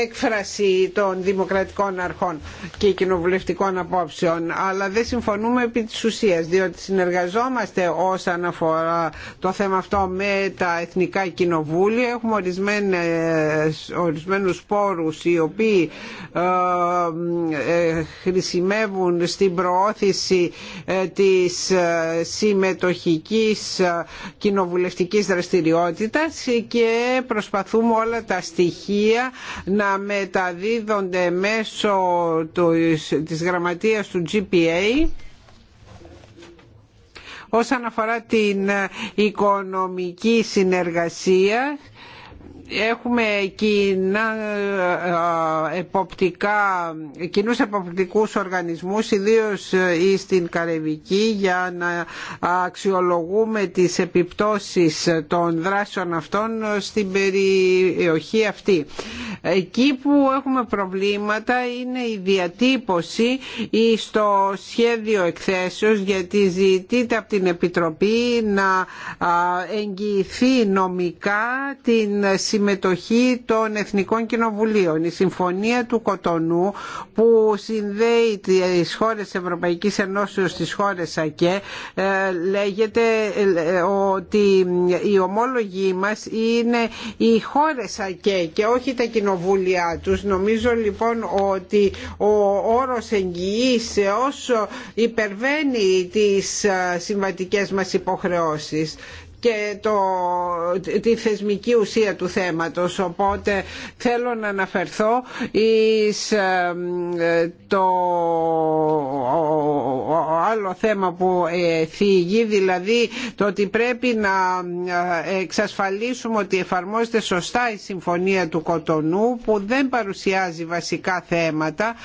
έκφραση των δημοκρατικών αρχών και κοινοβουλευτικών απόψεων αλλά δεν συμφωνούμε επί της ουσίας διότι συνεργαζόμαστε όσον αφορά το θέμα αυτό με τα εθνικά κοινοβούλια έχουμε ορισμένες, ορισμένους πόρους οι οποίοι ε, χρησιμεύουν στην προώθηση ε, της ε, συμμετοχικής κοινοβουλευτικής δραστηριότητας και προσπαθούμε όλα τα στοιχεία να μεταδίδονται μέσω της γραμματείας του GPA όσον αφορά την οικονομική συνεργασία έχουμε κοινά εποπτικά, κοινούς εποπτικούς οργανισμούς, ιδίως ε, στην Καρεβική, για να αξιολογούμε τις επιπτώσεις των δράσεων αυτών στην περιοχή αυτή. Εκεί που έχουμε προβλήματα είναι η διατύπωση ή στο σχέδιο εκθέσεως γιατί ζητείται από την Επιτροπή να εγγυηθεί νομικά την συμμετοχή των Εθνικών Κοινοβουλίων. Η Συμφωνία του Κοτονού που συνδέει τις χώρες Ευρωπαϊκής Ενώσεως στις χώρες ΑΚΕ ε, λέγεται ε, ότι η ομόλογή μας είναι οι χώρες ΑΚΕ και όχι τα κοινοβούλια τους. Νομίζω λοιπόν ότι ο όρος όσο υπερβαίνει τις ε, συμβατικές μας υποχρεώσεις και το, τη θεσμική ουσία του θέματος. Οπότε θέλω να αναφερθώ εις ε, το άλλο θέμα που θίγει, δηλαδή το ότι πρέπει να ε, εξασφαλίσουμε ότι εφαρμόζεται σωστά η Συμφωνία του Κοτονού που δεν παρουσιάζει βασικά θέματα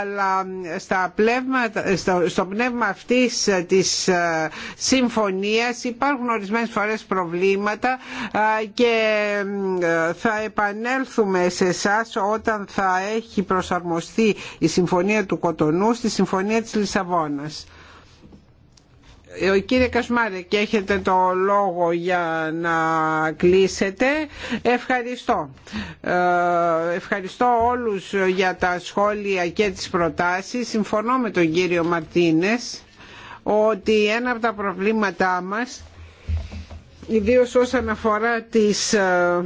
αλλά στο, στο πνεύμα αυτής της ε, συμφωνίας υπάρχουν ορισμένες φορές προβλήματα και ε, θα επανέλθουμε σε εσά όταν θα έχει προσαρμοστεί η Συμφωνία του Κοτονού στη Συμφωνία της Λισαβόνας. Ε, ο κύριε Κασμάρε, και έχετε το λόγο για να κλείσετε. Ευχαριστώ. Ε, ευχαριστώ όλους για τα σχόλια και τις προτάσεις. Συμφωνώ με τον κύριο Μαρτίνες ότι ένα από τα προβλήματά μας ιδίως όσον αφορά τις ε,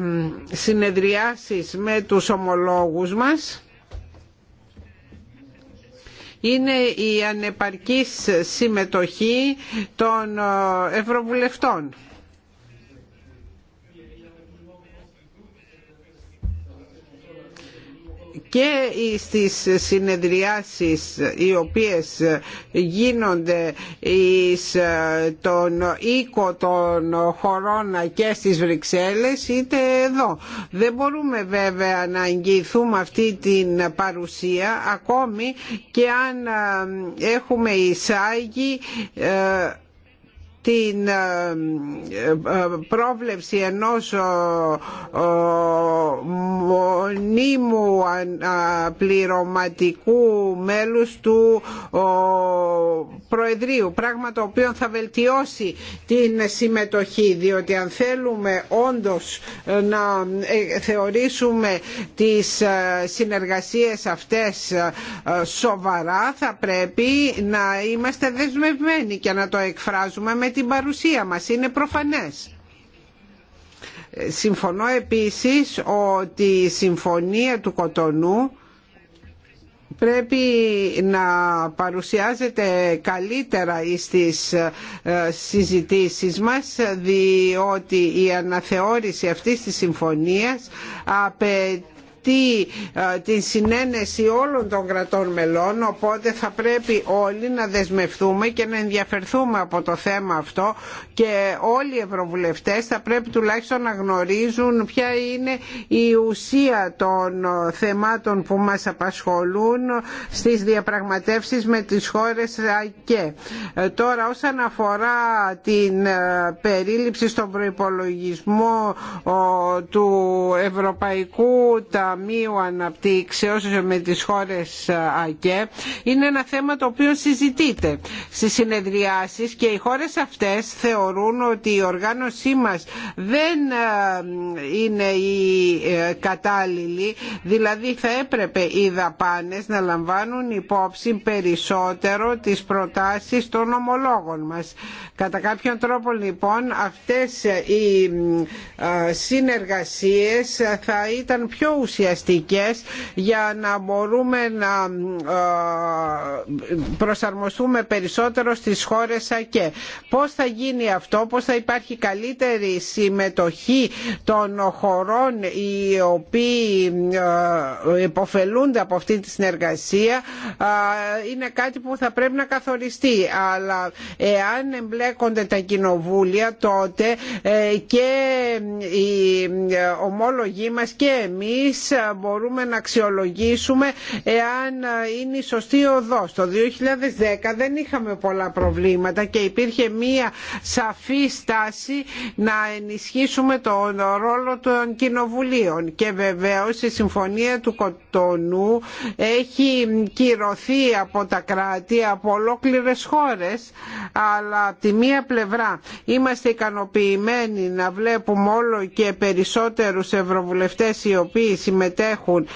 συνεδριάσεις με τους ομολόγους μας είναι η ανεπαρκής συμμετοχή των ε, ευρωβουλευτών και στις συνεδριάσεις οι οποίες γίνονται εις ε, τον οίκο των χωρών και στις Βρυξέλλες είτε εδώ. Δεν μπορούμε βέβαια να εγγυηθούμε αυτή την παρουσία ακόμη και αν ε, έχουμε εισάγει ε, την ε, ε, πρόβλεψη ενός ε, μονίμου πληρωματικού μέλους του Προεδρείου πράγμα το οποίο θα βελτιώσει την συμμετοχή διότι αν θέλουμε όντως να θεωρήσουμε τις συνεργασίες αυτές σοβαρά θα πρέπει να είμαστε δεσμευμένοι και να το εκφράζουμε την παρουσία μας. Είναι προφανές. Ε, συμφωνώ επίσης ότι η συμφωνία του Κοτονού πρέπει να παρουσιάζεται καλύτερα στις ε, συζητήσεις μας διότι η αναθεώρηση αυτής της συμφωνίας απαιτεί τη την συνένεση όλων των κρατών μελών οπότε θα πρέπει όλοι να δεσμευτούμε και να ενδιαφερθούμε από το θέμα αυτό και όλοι οι ευρωβουλευτές θα πρέπει τουλάχιστον να γνωρίζουν ποια είναι η ουσία των θεμάτων που μας απασχολούν στις διαπραγματεύσεις με τις χώρες και ε, τώρα όσον αφορά την ε, περίληψη στον προϋπολογισμό του Ευρωπαϊκού τα. Ταμείου Αναπτύξεως με τις χώρες ε, ΑΚΕ είναι ένα θέμα το οποίο συζητείται στις συνεδριάσεις και οι χώρες αυτές θεωρούν ότι η οργάνωσή μας δεν ε, είναι η ε, κατάλληλη δηλαδή θα έπρεπε οι δαπάνες να λαμβάνουν υπόψη περισσότερο τις προτάσεις των ομολόγων μας. Κατά κάποιον τρόπο λοιπόν αυτές οι συνεργασίες θα ήταν πιο ουσιαστικές ουσιαστικές για να μπορούμε να ε, προσαρμοστούμε περισσότερο στις χώρες ΑΚΕ. Πώς θα γίνει αυτό, πώς θα υπάρχει καλύτερη συμμετοχή των χωρών οι οποίοι ε, υποφελούνται από αυτή τη συνεργασία ε, είναι κάτι που θα πρέπει να καθοριστεί. Αλλά εάν εμπλέκονται τα κοινοβούλια τότε και οι ομόλογοι μας και εμείς ε, μπορούμε να αξιολογήσουμε εάν ε, είναι η σωστή οδός. Το 2010 δεν είχαμε πολλά προβλήματα και υπήρχε μία σαφή στάση να ενισχύσουμε τον ρόλο των κοινοβουλίων και βεβαίως η Συμφωνία του Κοτονού έχει κυρωθεί από τα κράτη, από ολόκληρες χώρες αλλά από τη μία πλευρά είμαστε ικανοποιημένοι να βλέπουμε όλο και περισσότερους ευρωβουλευτές οι οποίοι συμμετέχουν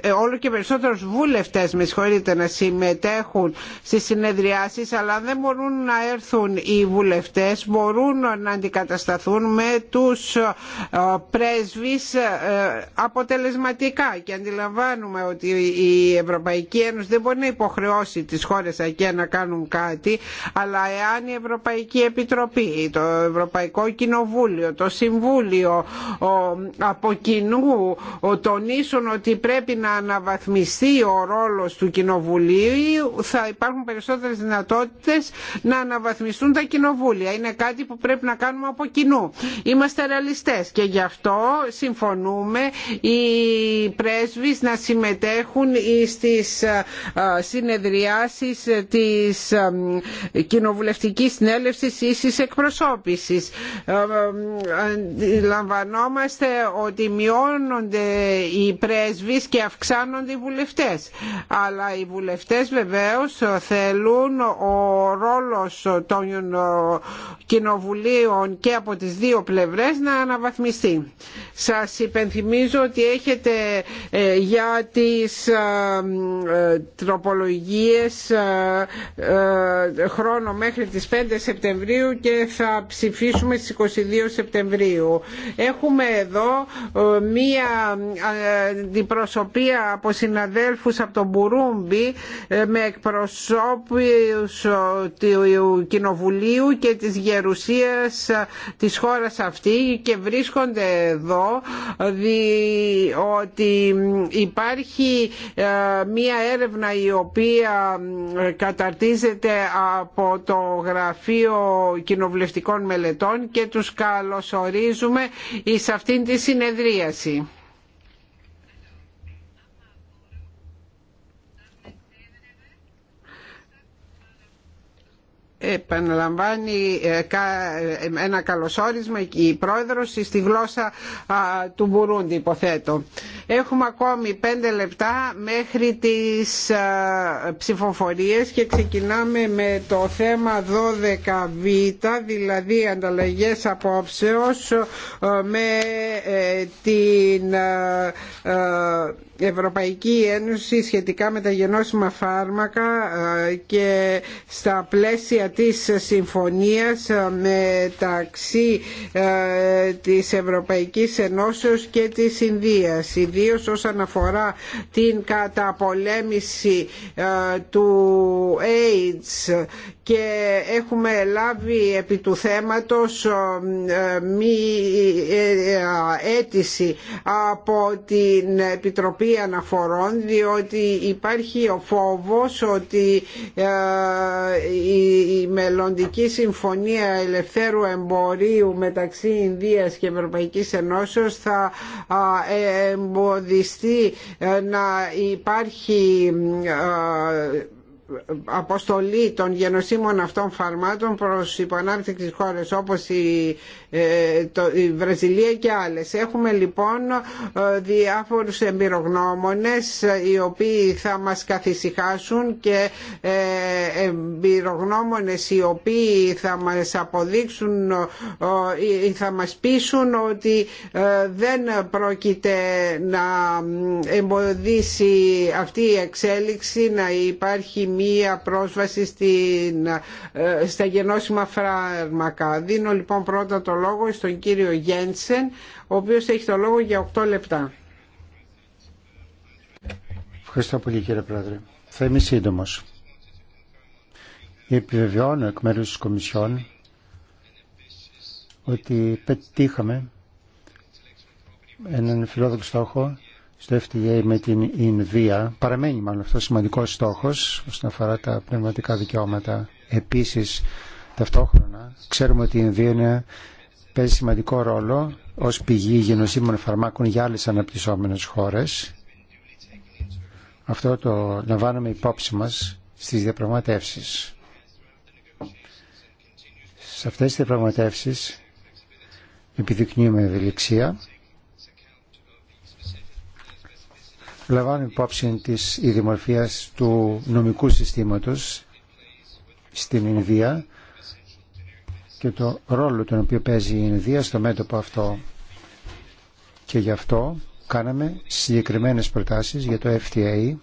ε, ε, όλο και περισσότερους βουλευτές με συγχωρείτε να συμμετέχουν στις συνεδριάσεις αλλά δεν μπορούν να έρθουν οι βουλευτές μπορούν να αντικατασταθούν με τους ε, πρέσβεις αποτελεσματικά και αντιλαμβάνουμε ότι η Ευρωπαϊκή Ένωση δεν μπορεί να υποχρεώσει τις χώρες ΑΚΕ να κάνουν κάτι αλλά εάν η Ευρωπαϊκή Επιτροπή, το Ευρωπαϊκό Κοινοβούλιο, το Συμβούλιο από κοινού Κοινοβουλίου τονίσουν ότι πρέπει να αναβαθμιστεί ο ρόλος του Κοινοβουλίου θα υπάρχουν περισσότερες δυνατότητες να αναβαθμιστούν τα κοινοβούλια. Είναι κάτι που πρέπει να κάνουμε από κοινού. Είμαστε ρεαλιστές και γι' αυτό συμφωνούμε οι πρέσβεις να συμμετέχουν στις ε, ε, συνεδριάσεις της ε, κοινοβουλευτικής συνέλευσης ή στις εκπροσώπησης. Λαμβανόμαστε ότι μειών αυξάνονται οι πρέσβεις και αυξάνονται οι βουλευτές. Αλλά οι βουλευτές βεβαίως θέλουν ο ρόλος των κοινοβουλίων και από τις δύο πλευρές να αναβαθμιστεί. Σας υπενθυμίζω ότι έχετε ε, για τις ε, τροπολογίες ε, χρόνο μέχρι τις 5 Σεπτεμβρίου και θα ψηφίσουμε στις 22 Σεπτεμβρίου. Έχουμε εδώ μία μία ε, αντιπροσωπεία από συναδέλφους από τον Μπουρούμπι ε, με εκπροσώπους ε, του Κοινοβουλίου και της Γερουσίας της χώρας αυτή και βρίσκονται εδώ διότι υπάρχει μία έρευνα η οποία καταρτίζεται από το Γραφείο Κοινοβουλευτικών Μελετών και τους καλωσορίζουμε εις αυτήν τη συνεδρίαση. επαναλαμβάνει ε, ένα καλωσόρισμα η πρόεδρος στη γλώσσα του Μπουρούντι υποθέτω. Έχουμε ακόμη πέντε λεπτά μέχρι τις ψηφοφορίες και ξεκινάμε με το θέμα 12β δηλαδή ανταλλαγές απόψεως ε, με ε, την Ευρωπαϊκή Ένωση σχετικά με τα γενώσιμα φάρμακα και στα πλαίσια της συμφωνίας μεταξύ ε, της Ευρωπαϊκής Ενώσεως και της Ινδίας ιδίως όσον αφορά την καταπολέμηση ε, του AIDS και έχουμε λάβει επί του θέματος ε, μη ε, ε, αίτηση από την Επιτροπή Αναφορών διότι υπάρχει ο φόβος ότι η μελλοντική συμφωνία ελευθέρου εμπορίου μεταξύ Ινδίας και Ευρωπαϊκής Ενώσεως θα εμποδιστεί να υπάρχει αποστολή των γενοσύμων αυτών φαρμάτων προς υποανάπτυξης χώρες όπως η, ε, το, η Βραζιλία και άλλες. Έχουμε λοιπόν ε, διάφορους εμπειρογνώμονες ε, οι οποίοι θα μας καθησυχάσουν και εμπειρογνώμονες οι οποίοι θα μας αποδείξουν ή θα μας πείσουν ότι δεν πρόκειται να εμποδίσει αυτή η εξέλιξη να υπάρχει μία πρόσβαση στην, ε, στα γενώσιμα φράρμακα. Δίνω λοιπόν πρώτα το λόγο στον κύριο Γέντσεν, ο οποίος έχει το λόγο για 8 λεπτά. Ευχαριστώ πολύ κύριε Πρόεδρε. Θα είμαι σύντομο. Επιβεβαιώνω εκ μέρους της Κομισιόν ότι πετύχαμε έναν φιλόδοξο στόχο στο FTA με την Ινδία. Παραμένει μάλλον αυτό σημαντικό στόχος όσον αφορά τα πνευματικά δικαιώματα. Επίσης, ταυτόχρονα, ξέρουμε ότι η Ινδία είναι, παίζει σημαντικό ρόλο ως πηγή γενοσύμων φαρμάκων για άλλε αναπτυσσόμενε χώρες. Αυτό το λαμβάνουμε υπόψη μας στις διαπραγματεύσεις. Σε αυτές τις διαπραγματεύσεις επιδεικνύουμε ευελιξία Λαμβάνω υπόψη τη ιδιομορφία του νομικού συστήματο στην Ινδία και το ρόλο τον οποίο παίζει η Ινδία στο μέτωπο αυτό. Και γι' αυτό κάναμε συγκεκριμένες προτάσεις για το FTA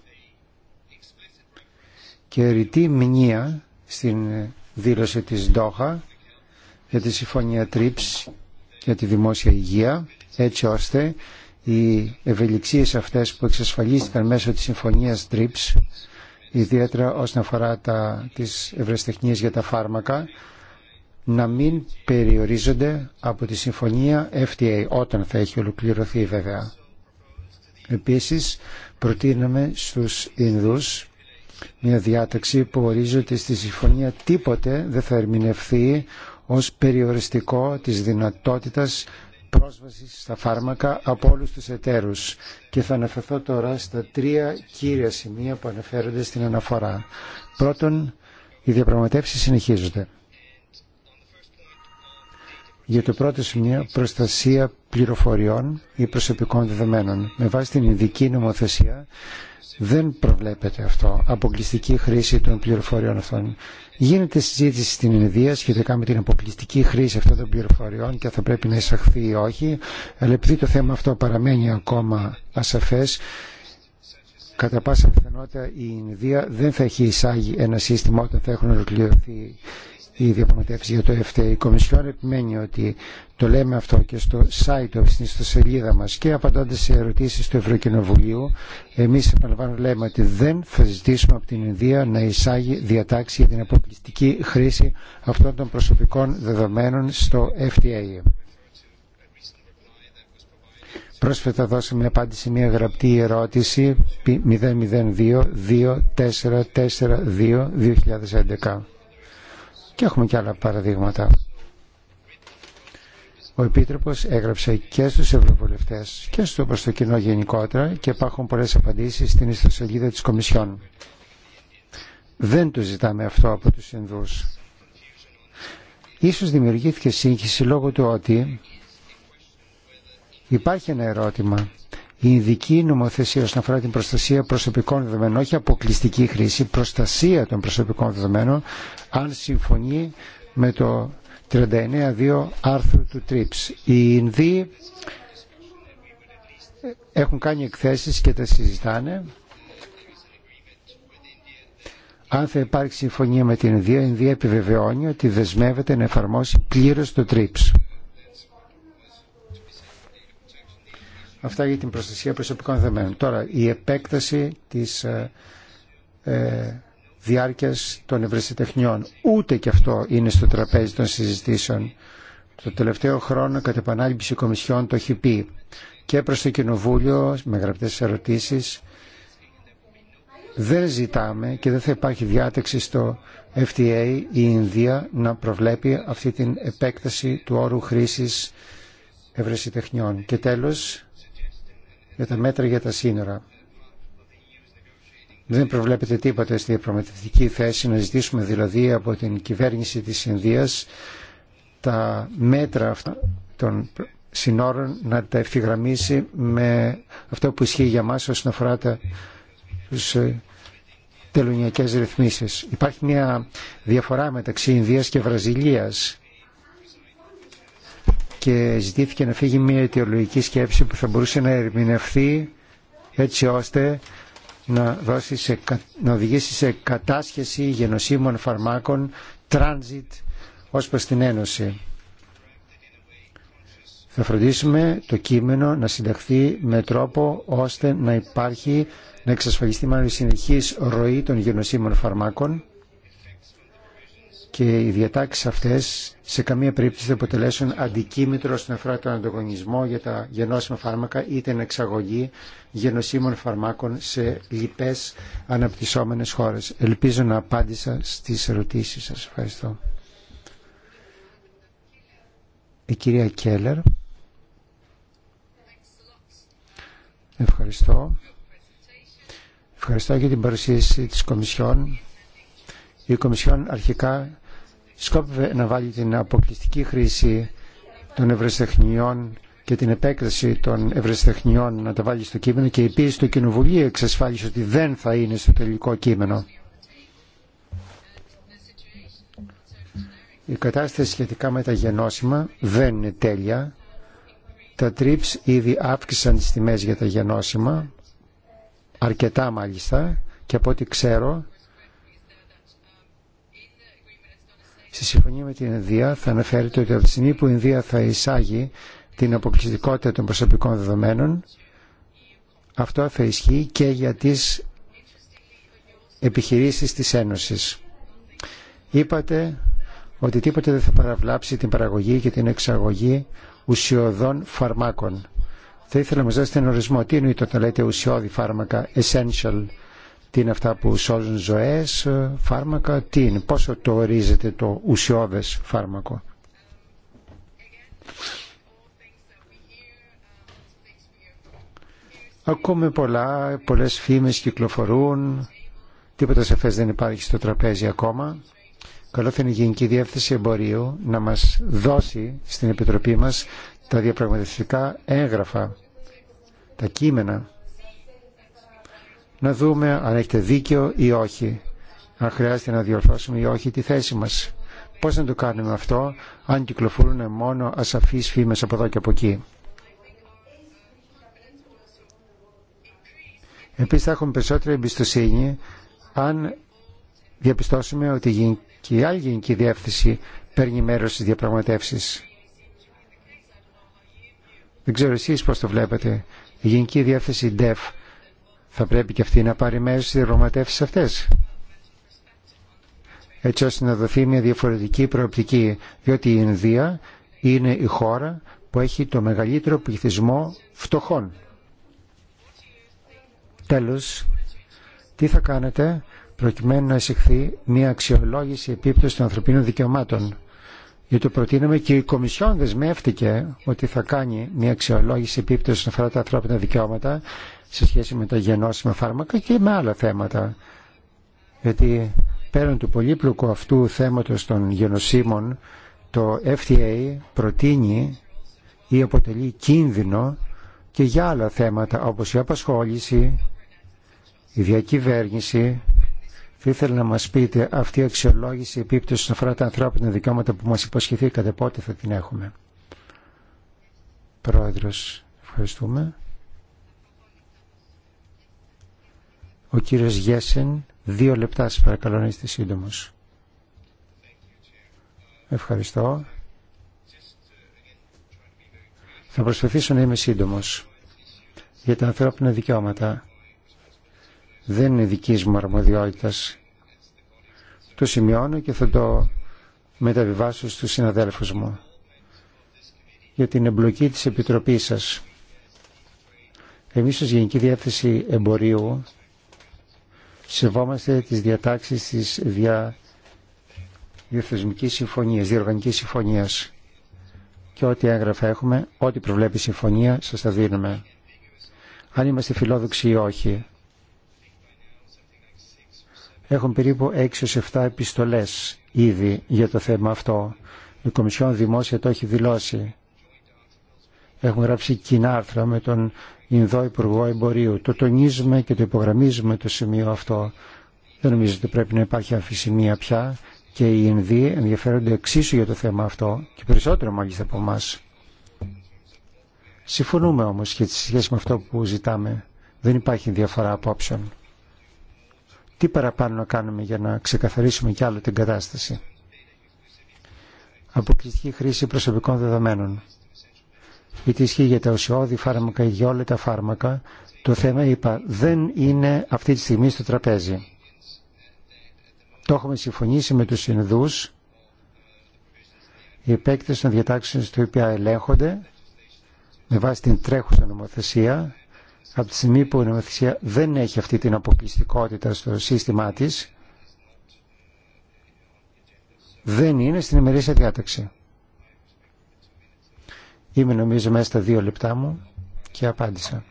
και ρητή μνήμα στην δήλωση της Ντόχα για τη Συμφωνία TRIPS για τη δημόσια υγεία έτσι ώστε οι ευελιξίες αυτές που εξασφαλίστηκαν μέσω της συμφωνίας DRIPS, ιδιαίτερα όσον αφορά τα, τις για τα φάρμακα, να μην περιορίζονται από τη συμφωνία FTA, όταν θα έχει ολοκληρωθεί βέβαια. Επίσης, προτείναμε στους Ινδούς μια διάταξη που ορίζει ότι στη συμφωνία τίποτε δεν θα ερμηνευθεί ως περιοριστικό της δυνατότητας πρόσβαση στα φάρμακα από όλους τους εταίρους και θα αναφερθώ τώρα στα τρία κύρια σημεία που αναφέρονται στην αναφορά. Πρώτον, οι διαπραγματεύσεις συνεχίζονται για το πρώτο σημείο προστασία πληροφοριών ή προσωπικών δεδομένων. Με βάση την ειδική νομοθεσία δεν προβλέπεται αυτό, αποκλειστική χρήση των πληροφοριών αυτών. Γίνεται συζήτηση στην Ινδία σχετικά με την αποκλειστική χρήση αυτών των πληροφοριών και θα πρέπει να εισαχθεί ή όχι, αλλά επειδή το θέμα αυτό παραμένει ακόμα ασαφές, κατά πάσα πιθανότητα η Ινδία δεν θα έχει εισάγει ένα σύστημα όταν θα έχουν ολοκληρωθεί η διαπραγματεύση για το ΕΦΤΕ. Η Κομισιόν επιμένει ότι το λέμε αυτό και στο site, στην ιστοσελίδα μα και απαντώντα σε ερωτήσει του Ευρωκοινοβουλίου, εμεί επαναλαμβάνω λέμε ότι δεν θα ζητήσουμε από την Ινδία να εισάγει διατάξει για την αποκλειστική χρήση αυτών των προσωπικών δεδομένων στο FTA. Πρόσφατα δώσαμε απάντηση μια γραπτή ερώτηση 002-2442-2011 και έχουμε και άλλα παραδείγματα. Ο Επίτροπος έγραψε και στους ευρωβουλευτές και στο προς το κοινό γενικότερα και υπάρχουν πολλές απαντήσεις στην ιστοσελίδα της Κομισιόν. Δεν το ζητάμε αυτό από τους Ινδούς. Ίσως δημιουργήθηκε σύγχυση λόγω του ότι υπάρχει ένα ερώτημα η ειδική νομοθεσία όσον αφορά την προστασία προσωπικών δεδομένων, όχι αποκλειστική χρήση, προστασία των προσωπικών δεδομένων, αν συμφωνεί με το 39.2 άρθρο του TRIPS. Οι Ινδοί έχουν κάνει εκθέσεις και τα συζητάνε. Αν θα υπάρξει συμφωνία με την Ινδία, η Ινδία επιβεβαιώνει ότι δεσμεύεται να εφαρμόσει πλήρως το TRIPS. Αυτά για την προστασία προσωπικών δεδομένων. Τώρα, η επέκταση της ε, ε διάρκειας των ευρεσιτεχνιών. Ούτε και αυτό είναι στο τραπέζι των συζητήσεων. Το τελευταίο χρόνο, κατά επανάληψη κομισιών, το έχει πει και προς το Κοινοβούλιο με γραπτές ερωτήσεις. Δεν ζητάμε και δεν θα υπάρχει διάταξη στο FTA η Ινδία να προβλέπει αυτή την επέκταση του όρου χρήσης ευρεσιτεχνιών. Και τέλος, για τα μέτρα για τα σύνορα. Δεν προβλέπεται τίποτα στη διαπραγματευτική θέση να ζητήσουμε δηλαδή από την κυβέρνηση της Ινδίας τα μέτρα αυτά των συνόρων να τα ευθυγραμμίσει με αυτό που ισχύει για μας όσον αφορά τα, τους ε, τελωνιακές ρυθμίσεις. Υπάρχει μια διαφορά μεταξύ Ινδίας και Βραζιλίας και ζητήθηκε να φύγει μια αιτιολογική σκέψη που θα μπορούσε να ερμηνευθεί έτσι ώστε να, να οδηγήσει σε κατάσχεση γενοσύμων φαρμάκων transit ως προς την Ένωση. Θα φροντίσουμε το κείμενο να συνταχθεί με τρόπο ώστε να υπάρχει, να εξασφαλιστεί μάλλον η συνεχής ροή των γενοσύμων φαρμάκων και οι διατάξεις αυτές σε καμία περίπτωση δεν αποτελέσουν αντικείμετρο στην αφορά τον ανταγωνισμό για τα γενώσιμα φάρμακα ή την εξαγωγή γενοσίμων φαρμάκων σε λοιπές αναπτυσσόμενες χώρες. Ελπίζω να απάντησα στις ερωτήσεις σας. Ευχαριστώ. Η κυρία Κέλλερ. Ευχαριστώ. Ευχαριστώ για την παρουσίαση της Κομισιόν. Η Κομισιόν αρχικά σκόπευε να βάλει την αποκλειστική χρήση των ευρεσιτεχνιών και την επέκταση των ευρεσιτεχνιών να τα βάλει στο κείμενο και επίση το κοινοβουλίο εξασφάλισε ότι δεν θα είναι στο τελικό κείμενο. Η κατάσταση σχετικά με τα γενώσιμα δεν είναι τέλεια. Τα TRIPS ήδη αύξησαν τις τιμές για τα γενώσιμα, αρκετά μάλιστα, και από ό,τι ξέρω Στη συμφωνία με την Ινδία θα αναφέρεται ότι από τη στιγμή που η Ινδία θα εισάγει την αποκλειστικότητα των προσωπικών δεδομένων, αυτό θα ισχύει και για τις επιχειρήσεις της Ένωσης. Είπατε ότι τίποτε δεν θα παραβλάψει την παραγωγή και την εξαγωγή ουσιωδών φαρμάκων. Θα ήθελα να μας δώσετε ένα ορισμό. Τι εννοείται όταν λέτε ουσιώδη φάρμακα, essential τι είναι αυτά που σώζουν ζωές, ε, φάρμακα, τι είναι, πόσο το ορίζεται το ουσιώδες φάρμακο. Ακούμε πολλά, πολλές φήμες κυκλοφορούν, τίποτα σαφές δεν υπάρχει στο τραπέζι ακόμα. Καλό θα είναι η Γενική Διεύθυνση Εμπορίου να μας δώσει στην Επιτροπή μας τα διαπραγματευτικά έγγραφα, τα κείμενα να δούμε αν έχετε δίκιο ή όχι, αν χρειάζεται να διορθώσουμε ή όχι τη θέση μας. Πώς να το κάνουμε αυτό, αν κυκλοφορούν μόνο ασαφείς φήμες από εδώ και από εκεί. Επίσης θα έχουμε περισσότερη εμπιστοσύνη αν διαπιστώσουμε ότι και η άλλη γενική διεύθυνση παίρνει μέρος στις διαπραγματεύσεις. Δεν ξέρω εσείς πώς το βλέπετε. Η γενική διεύθυνση DEF θα πρέπει και αυτή να πάρει μέρος στις διαπραγματεύσεις αυτές έτσι ώστε να δοθεί μια διαφορετική προοπτική διότι η Ινδία είναι η χώρα που έχει το μεγαλύτερο πληθυσμό φτωχών. Τέλος, τι θα κάνετε προκειμένου να εισηχθεί μια αξιολόγηση επίπτωση των ανθρωπίνων δικαιωμάτων. Γιατί το προτείναμε και η Κομισιόν δεσμεύτηκε ότι θα κάνει μια αξιολόγηση επίπτωση σχετικά αφορά τα ανθρώπινα δικαιώματα σε σχέση με τα γενώσιμα φάρμακα και με άλλα θέματα. Γιατί πέραν του πολύπλοκου αυτού θέματος των γενοσύμων, το FDA προτείνει ή αποτελεί κίνδυνο και για άλλα θέματα όπως η απασχόληση, η διακυβέρνηση. Θα ήθελα να μας πείτε αυτή η αξιολόγηση επίπτωση αφορά τα ανθρώπινα δικαιώματα που μας υποσχεθήκατε πότε θα την έχουμε. Πρόεδρος, ευχαριστούμε. Ο κύριος Γέσεν, δύο λεπτά σας παρακαλώ να είστε σύντομος. Ευχαριστώ. Θα προσπαθήσω να είμαι σύντομος για τα ανθρώπινα δικαιώματα. Δεν είναι δική μου αρμοδιότητα. Το σημειώνω και θα το μεταβιβάσω στους συναδέλφους μου για την εμπλοκή της Επιτροπής σας. Εμείς ως Γενική Διεύθυνση Εμπορίου σεβόμαστε τις διατάξεις της δια... συμφωνία, συμφωνίας, διοργανικής συμφωνίας και ό,τι έγγραφα έχουμε, ό,τι προβλέπει η συμφωνία, σας τα δίνουμε. Αν είμαστε φιλόδοξοι ή όχι. Έχουν περίπου 6-7 επιστολές ήδη για το θέμα αυτό. Η Κομισιόν δημόσια το έχει δηλώσει. Έχουμε γράψει κοινά άρθρα με τον Ινδό Υπουργό Εμπορίου. Το τονίζουμε και το υπογραμμίζουμε το σημείο αυτό. Δεν νομίζω ότι πρέπει να υπάρχει αμφισημία πια και οι Ινδοί ενδιαφέρονται εξίσου για το θέμα αυτό και περισσότερο μάλιστα από εμά. Συμφωνούμε όμω και σε σχέση με αυτό που ζητάμε. Δεν υπάρχει διαφορά απόψεων. Τι παραπάνω να κάνουμε για να ξεκαθαρίσουμε κι άλλο την κατάσταση. Αποκλειστική χρήση προσωπικών δεδομένων γιατί ισχύει για τα ουσιώδη φάρμακα ή για όλα τα φάρμακα, το θέμα, είπα, δεν είναι αυτή τη στιγμή στο τραπέζι. Το έχουμε συμφωνήσει με τους Ινδούς. Οι επέκτες των διατάξεων στο ΕΠΑ ελέγχονται με βάση την τρέχουσα νομοθεσία. Από τη στιγμή που η νομοθεσία δεν έχει αυτή την αποκλειστικότητα στο σύστημά της, δεν είναι στην ημερήσια διάταξη. Είμαι νομίζω μέσα στα δύο λεπτά μου και απάντησα.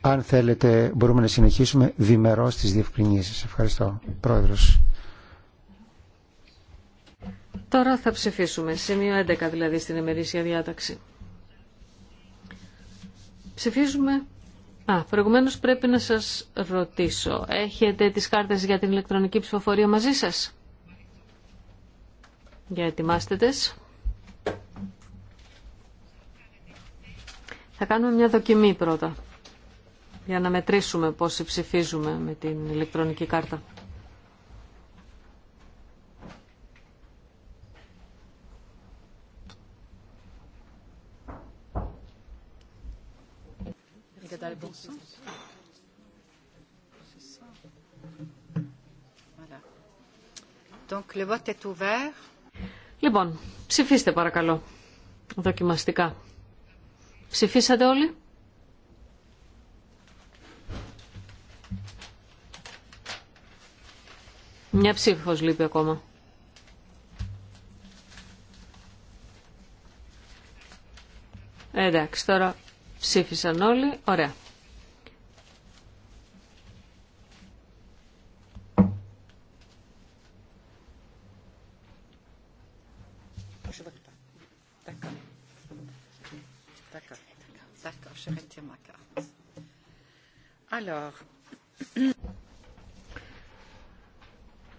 Αν θέλετε μπορούμε να συνεχίσουμε διμερώς τις διευκρινήσεις. Ευχαριστώ. Πρόεδρος. Τώρα θα ψηφίσουμε. Σημείο 11 δηλαδή στην ημερήσια διάταξη. Ψηφίζουμε. Α, προηγουμένως πρέπει να σας ρωτήσω. Έχετε τις κάρτες για την ηλεκτρονική ψηφοφορία μαζί σας. Για ετοιμάστε Θα κάνουμε μια δοκιμή πρώτα για να μετρήσουμε πώς ψηφίζουμε με την ηλεκτρονική κάρτα. Λοιπόν, ψηφίστε παρακαλώ δοκιμαστικά. Ψηφίσατε όλοι. Μια ψήφος λείπει ακόμα. Εντάξει, τώρα ψήφισαν όλοι. Ωραία.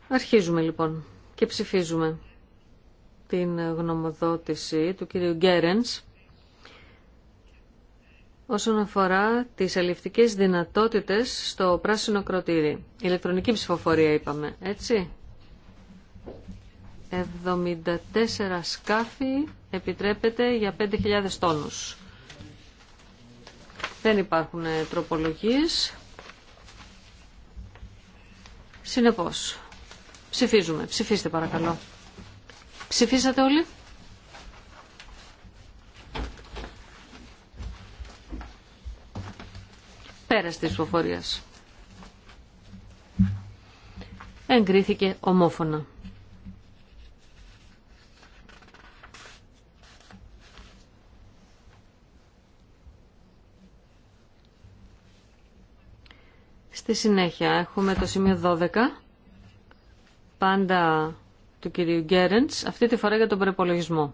Αρχίζουμε λοιπόν και ψηφίζουμε την γνωμοδότηση του κυρίου Γκέρενς όσον αφορά τις αλληλευτικές δυνατότητες στο πράσινο κροτήρι. Ηλεκτρονική ψηφοφορία είπαμε, έτσι. 74 σκάφη επιτρέπεται για 5.000 τόνους. Δεν υπάρχουν τροπολογίες. Συνεπώς, ψηφίζουμε. Ψηφίστε παρακαλώ. Ψηφίσατε όλοι. Πέρας της ψηφοφορίας. Εγκρίθηκε ομόφωνα. Στη συνέχεια έχουμε το σημείο 12, πάντα του κυρίου Γκέρεντς, αυτή τη φορά για τον προπολογισμό.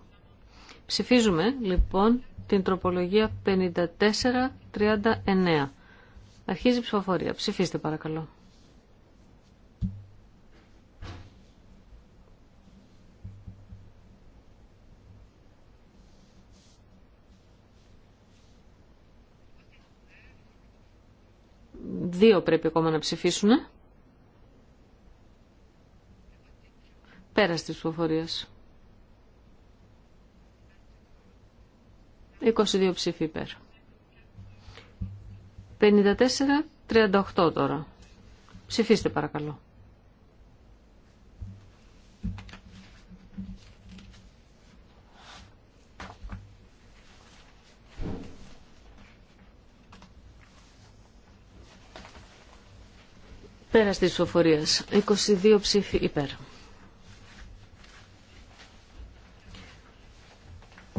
Ψηφίζουμε λοιπόν την τροπολογία 5439. Αρχίζει η ψηφοφορία. Ψηφίστε παρακαλώ. Δύο πρέπει ακόμα να ψηφίσουν. πέρα της ψηφοφορίας. 22 ψήφοι υπέρ. 54-38 τώρα. Ψηφίστε παρακαλώ. Πέρα τη ψηφοφορία. 22 ψήφοι υπέρ.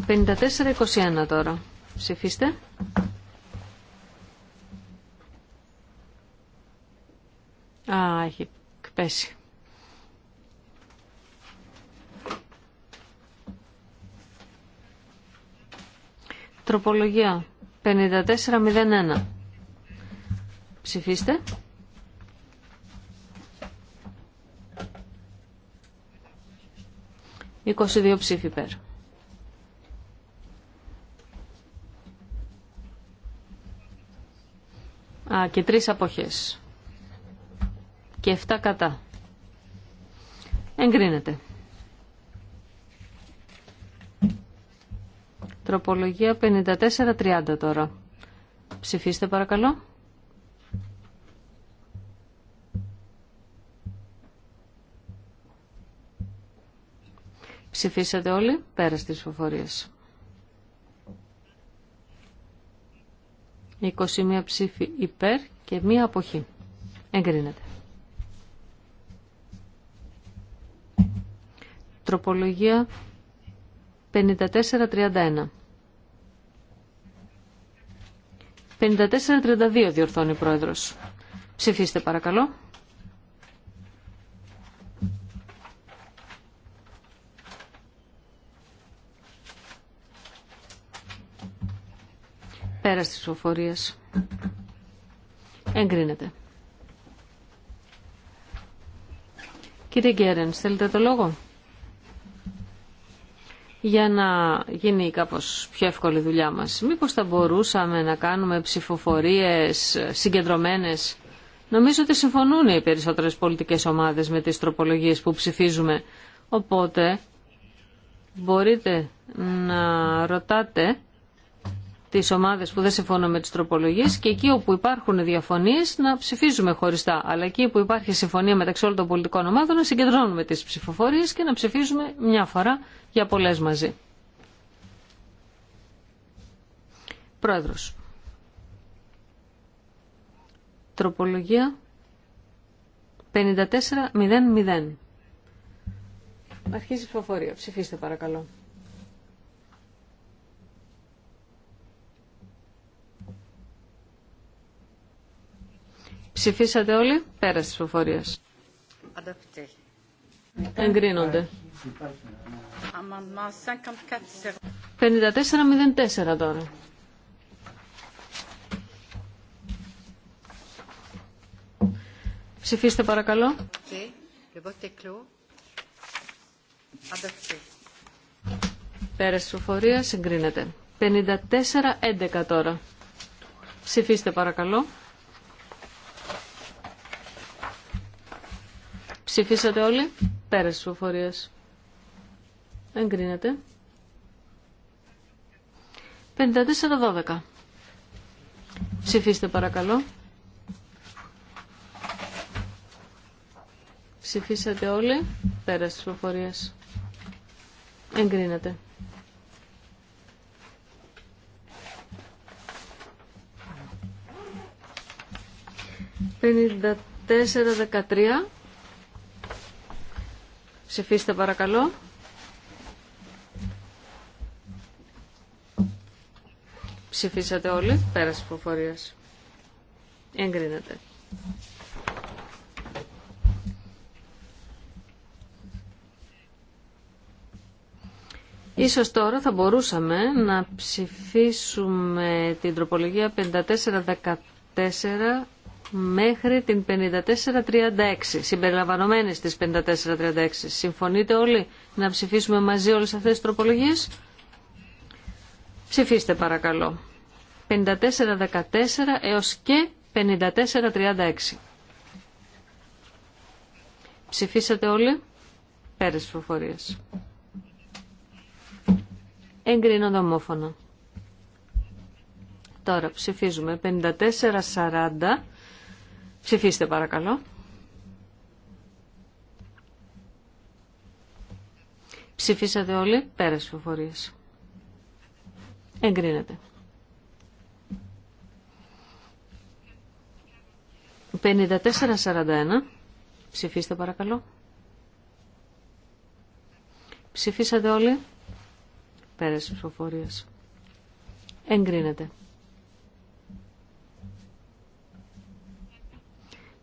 54-21 τώρα. Ψηφίστε. Α, έχει πέσει. Τροπολογία 54-01. Ψηφίστε. 22 ψήφοι υπέρ. Α, και τρεις αποχές. Και 7 κατά. Εγκρίνεται. Τροπολογία 54-30 τώρα. Ψηφίστε παρακαλώ. Ψηφίσατε όλοι πέρα στις ψηφοφορίες. 21 ψήφοι υπέρ και μία αποχή. Εγκρίνεται. Τροπολογία 54-31. 54-32 διορθώνει ο Πρόεδρος. Ψηφίστε παρακαλώ. Πέρα στις ψηφοφορίες. Εγκρίνεται. Κύριε Γκέρεν, θέλετε το λόγο. Για να γίνει κάπως πιο εύκολη η δουλειά μας. Μήπως θα μπορούσαμε να κάνουμε ψηφοφορίες συγκεντρωμένες. Νομίζω ότι συμφωνούν οι περισσότερες πολιτικές ομάδες με τις τροπολογίες που ψηφίζουμε. Οπότε μπορείτε να ρωτάτε τις ομάδες που δεν συμφωνούν με τις τροπολογίες και εκεί όπου υπάρχουν διαφωνίες να ψηφίζουμε χωριστά. Αλλά εκεί που υπάρχει συμφωνία μεταξύ όλων των πολιτικών ομάδων να συγκεντρώνουμε τις ψηφοφορίες και να ψηφίζουμε μια φορά για πολλές μαζί. Πρόεδρος. Τροπολογία 5400. Αρχίζει η ψηφοφορία. Ψηφίστε παρακαλώ. Ψηφίσατε όλοι πέρα τη ψηφοφορία. Εγκρίνονται. 54-04 τώρα. Ψηφίστε παρακαλώ. Πέρα τη ψηφοφορία εγκρίνεται. 54-11 τώρα. Ψηφίστε παρακαλώ. Ψηφίσατε όλοι. Πέρας της προφορίας. Εγκρίνεται. 54-12. Ψηφίστε παρακαλώ. Ψηφίσατε όλοι. Πέρας της προφορίας. Εγκρίνεται. δεκατριά ψηφίστε παρακαλώ. Ψηφίσατε όλοι. Πέρασε υποφορία. Εγκρίνεται. Ίσως τώρα θα μπορούσαμε να ψηφίσουμε την τροπολογία 5414 μέχρι την 5436, συμπεριλαμβανομένες της 5436. Συμφωνείτε όλοι να ψηφίσουμε μαζί όλες αυτές τις τροπολογίες. Ψηφίστε παρακαλώ. 5414 έως και 5436. Ψηφίσατε όλοι. Πέρες προφορίες. Εγκρίνονται ομόφωνα. Τώρα ψηφίζουμε 5440 Ψηφίστε παρακαλώ. Ψηφίσατε όλοι οι ψηφοφορίες. Εγκρίνεται. 54-41. Ψηφίστε παρακαλώ. Ψηφίσατε όλοι. Πέρασε ψηφοφορίας. Εγκρίνεται.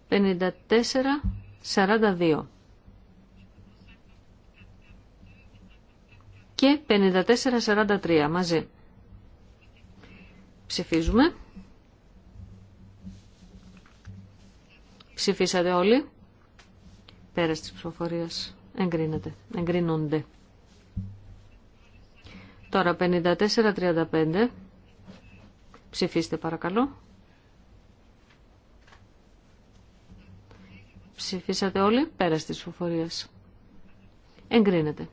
54-42 και 54-43 μαζί. Ψηφίζουμε. Ψηφίσατε όλοι. Πέρας της ψηφοφορίας. Εγκρίνεται. Εγκρίνονται. Τώρα 54-35. Ψηφίστε παρακαλώ. Ψηφίσατε όλοι πέρα της ψηφοφορίας. Εγκρίνεται.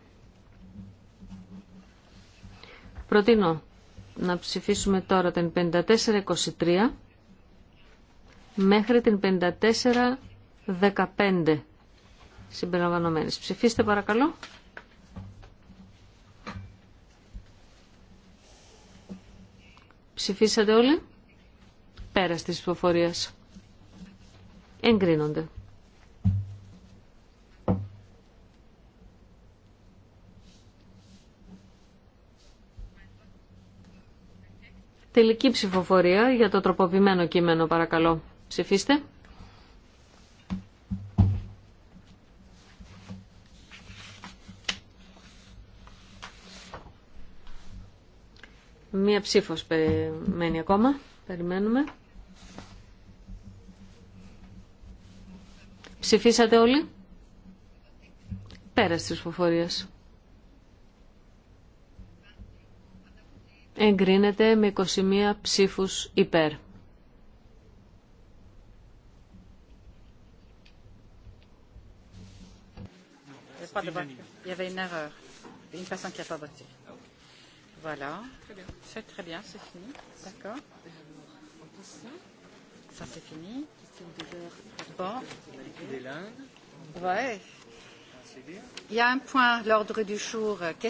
Προτείνω να ψηφίσουμε τώρα την 5423 μέχρι την 5415 συμπεριλαμβανομένης. Ψηφίστε παρακαλώ. Ψηφίσατε όλοι. Πέρα της ψηφοφορίας. Εγκρίνονται. Τελική ψηφοφορία για το τροποποιημένο κείμενο, παρακαλώ. Ψηφίστε. Μία ψήφος περιμένει ακόμα. Περιμένουμε. Ψηφίσατε όλοι. Πέρας της ψηφοφορίας. εγκρίνεται με 21 ψήφους υπέρ. Voilà. C'est très bien, c'est fini. D'accord. Ça, c'est fini. Ouais.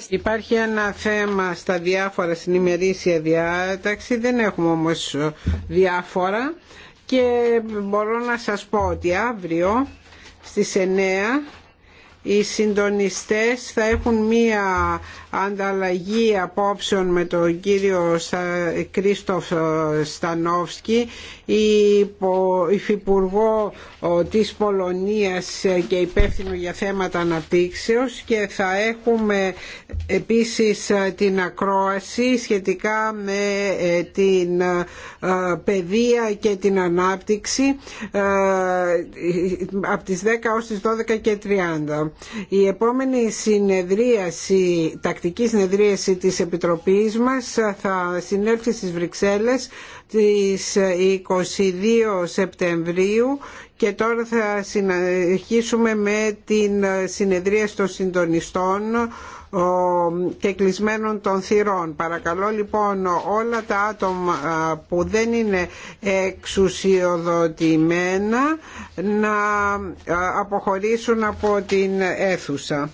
Υπάρχει ένα θέμα στα διάφορα στην ημερήσια διάταξη, δεν έχουμε όμως ε, διάφορα και μπορώ να σας πω ότι αύριο στις 9 οι συντονιστές θα έχουν μία ανταλλαγή απόψεων με τον κύριο Κρίστοφ ε, Στανόφσκι υφυπουργό της Πολωνίας ε, και υπεύθυνο για θέματα αναπτύξεως και θα έχουμε επίσης ε, την ακρόαση σχετικά με την παιδεία και την ανάπτυξη από τις 10 ως τις 12 και 30. Η επόμενη συνεδρίαση, τακτική τακτική συνεδρίαση της Επιτροπής μας θα συνέλθει στις Βρυξέλλες τις 22 Σεπτεμβρίου και τώρα θα συνεχίσουμε με την συνεδρία των συντονιστών και κλεισμένων των θυρών. Παρακαλώ λοιπόν όλα τα άτομα που δεν είναι εξουσιοδοτημένα να αποχωρήσουν από την αίθουσα.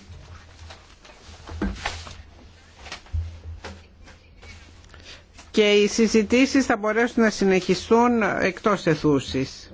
και οι συζητήσεις θα μπορέσουν να συνεχιστούν εκτός εθούσης.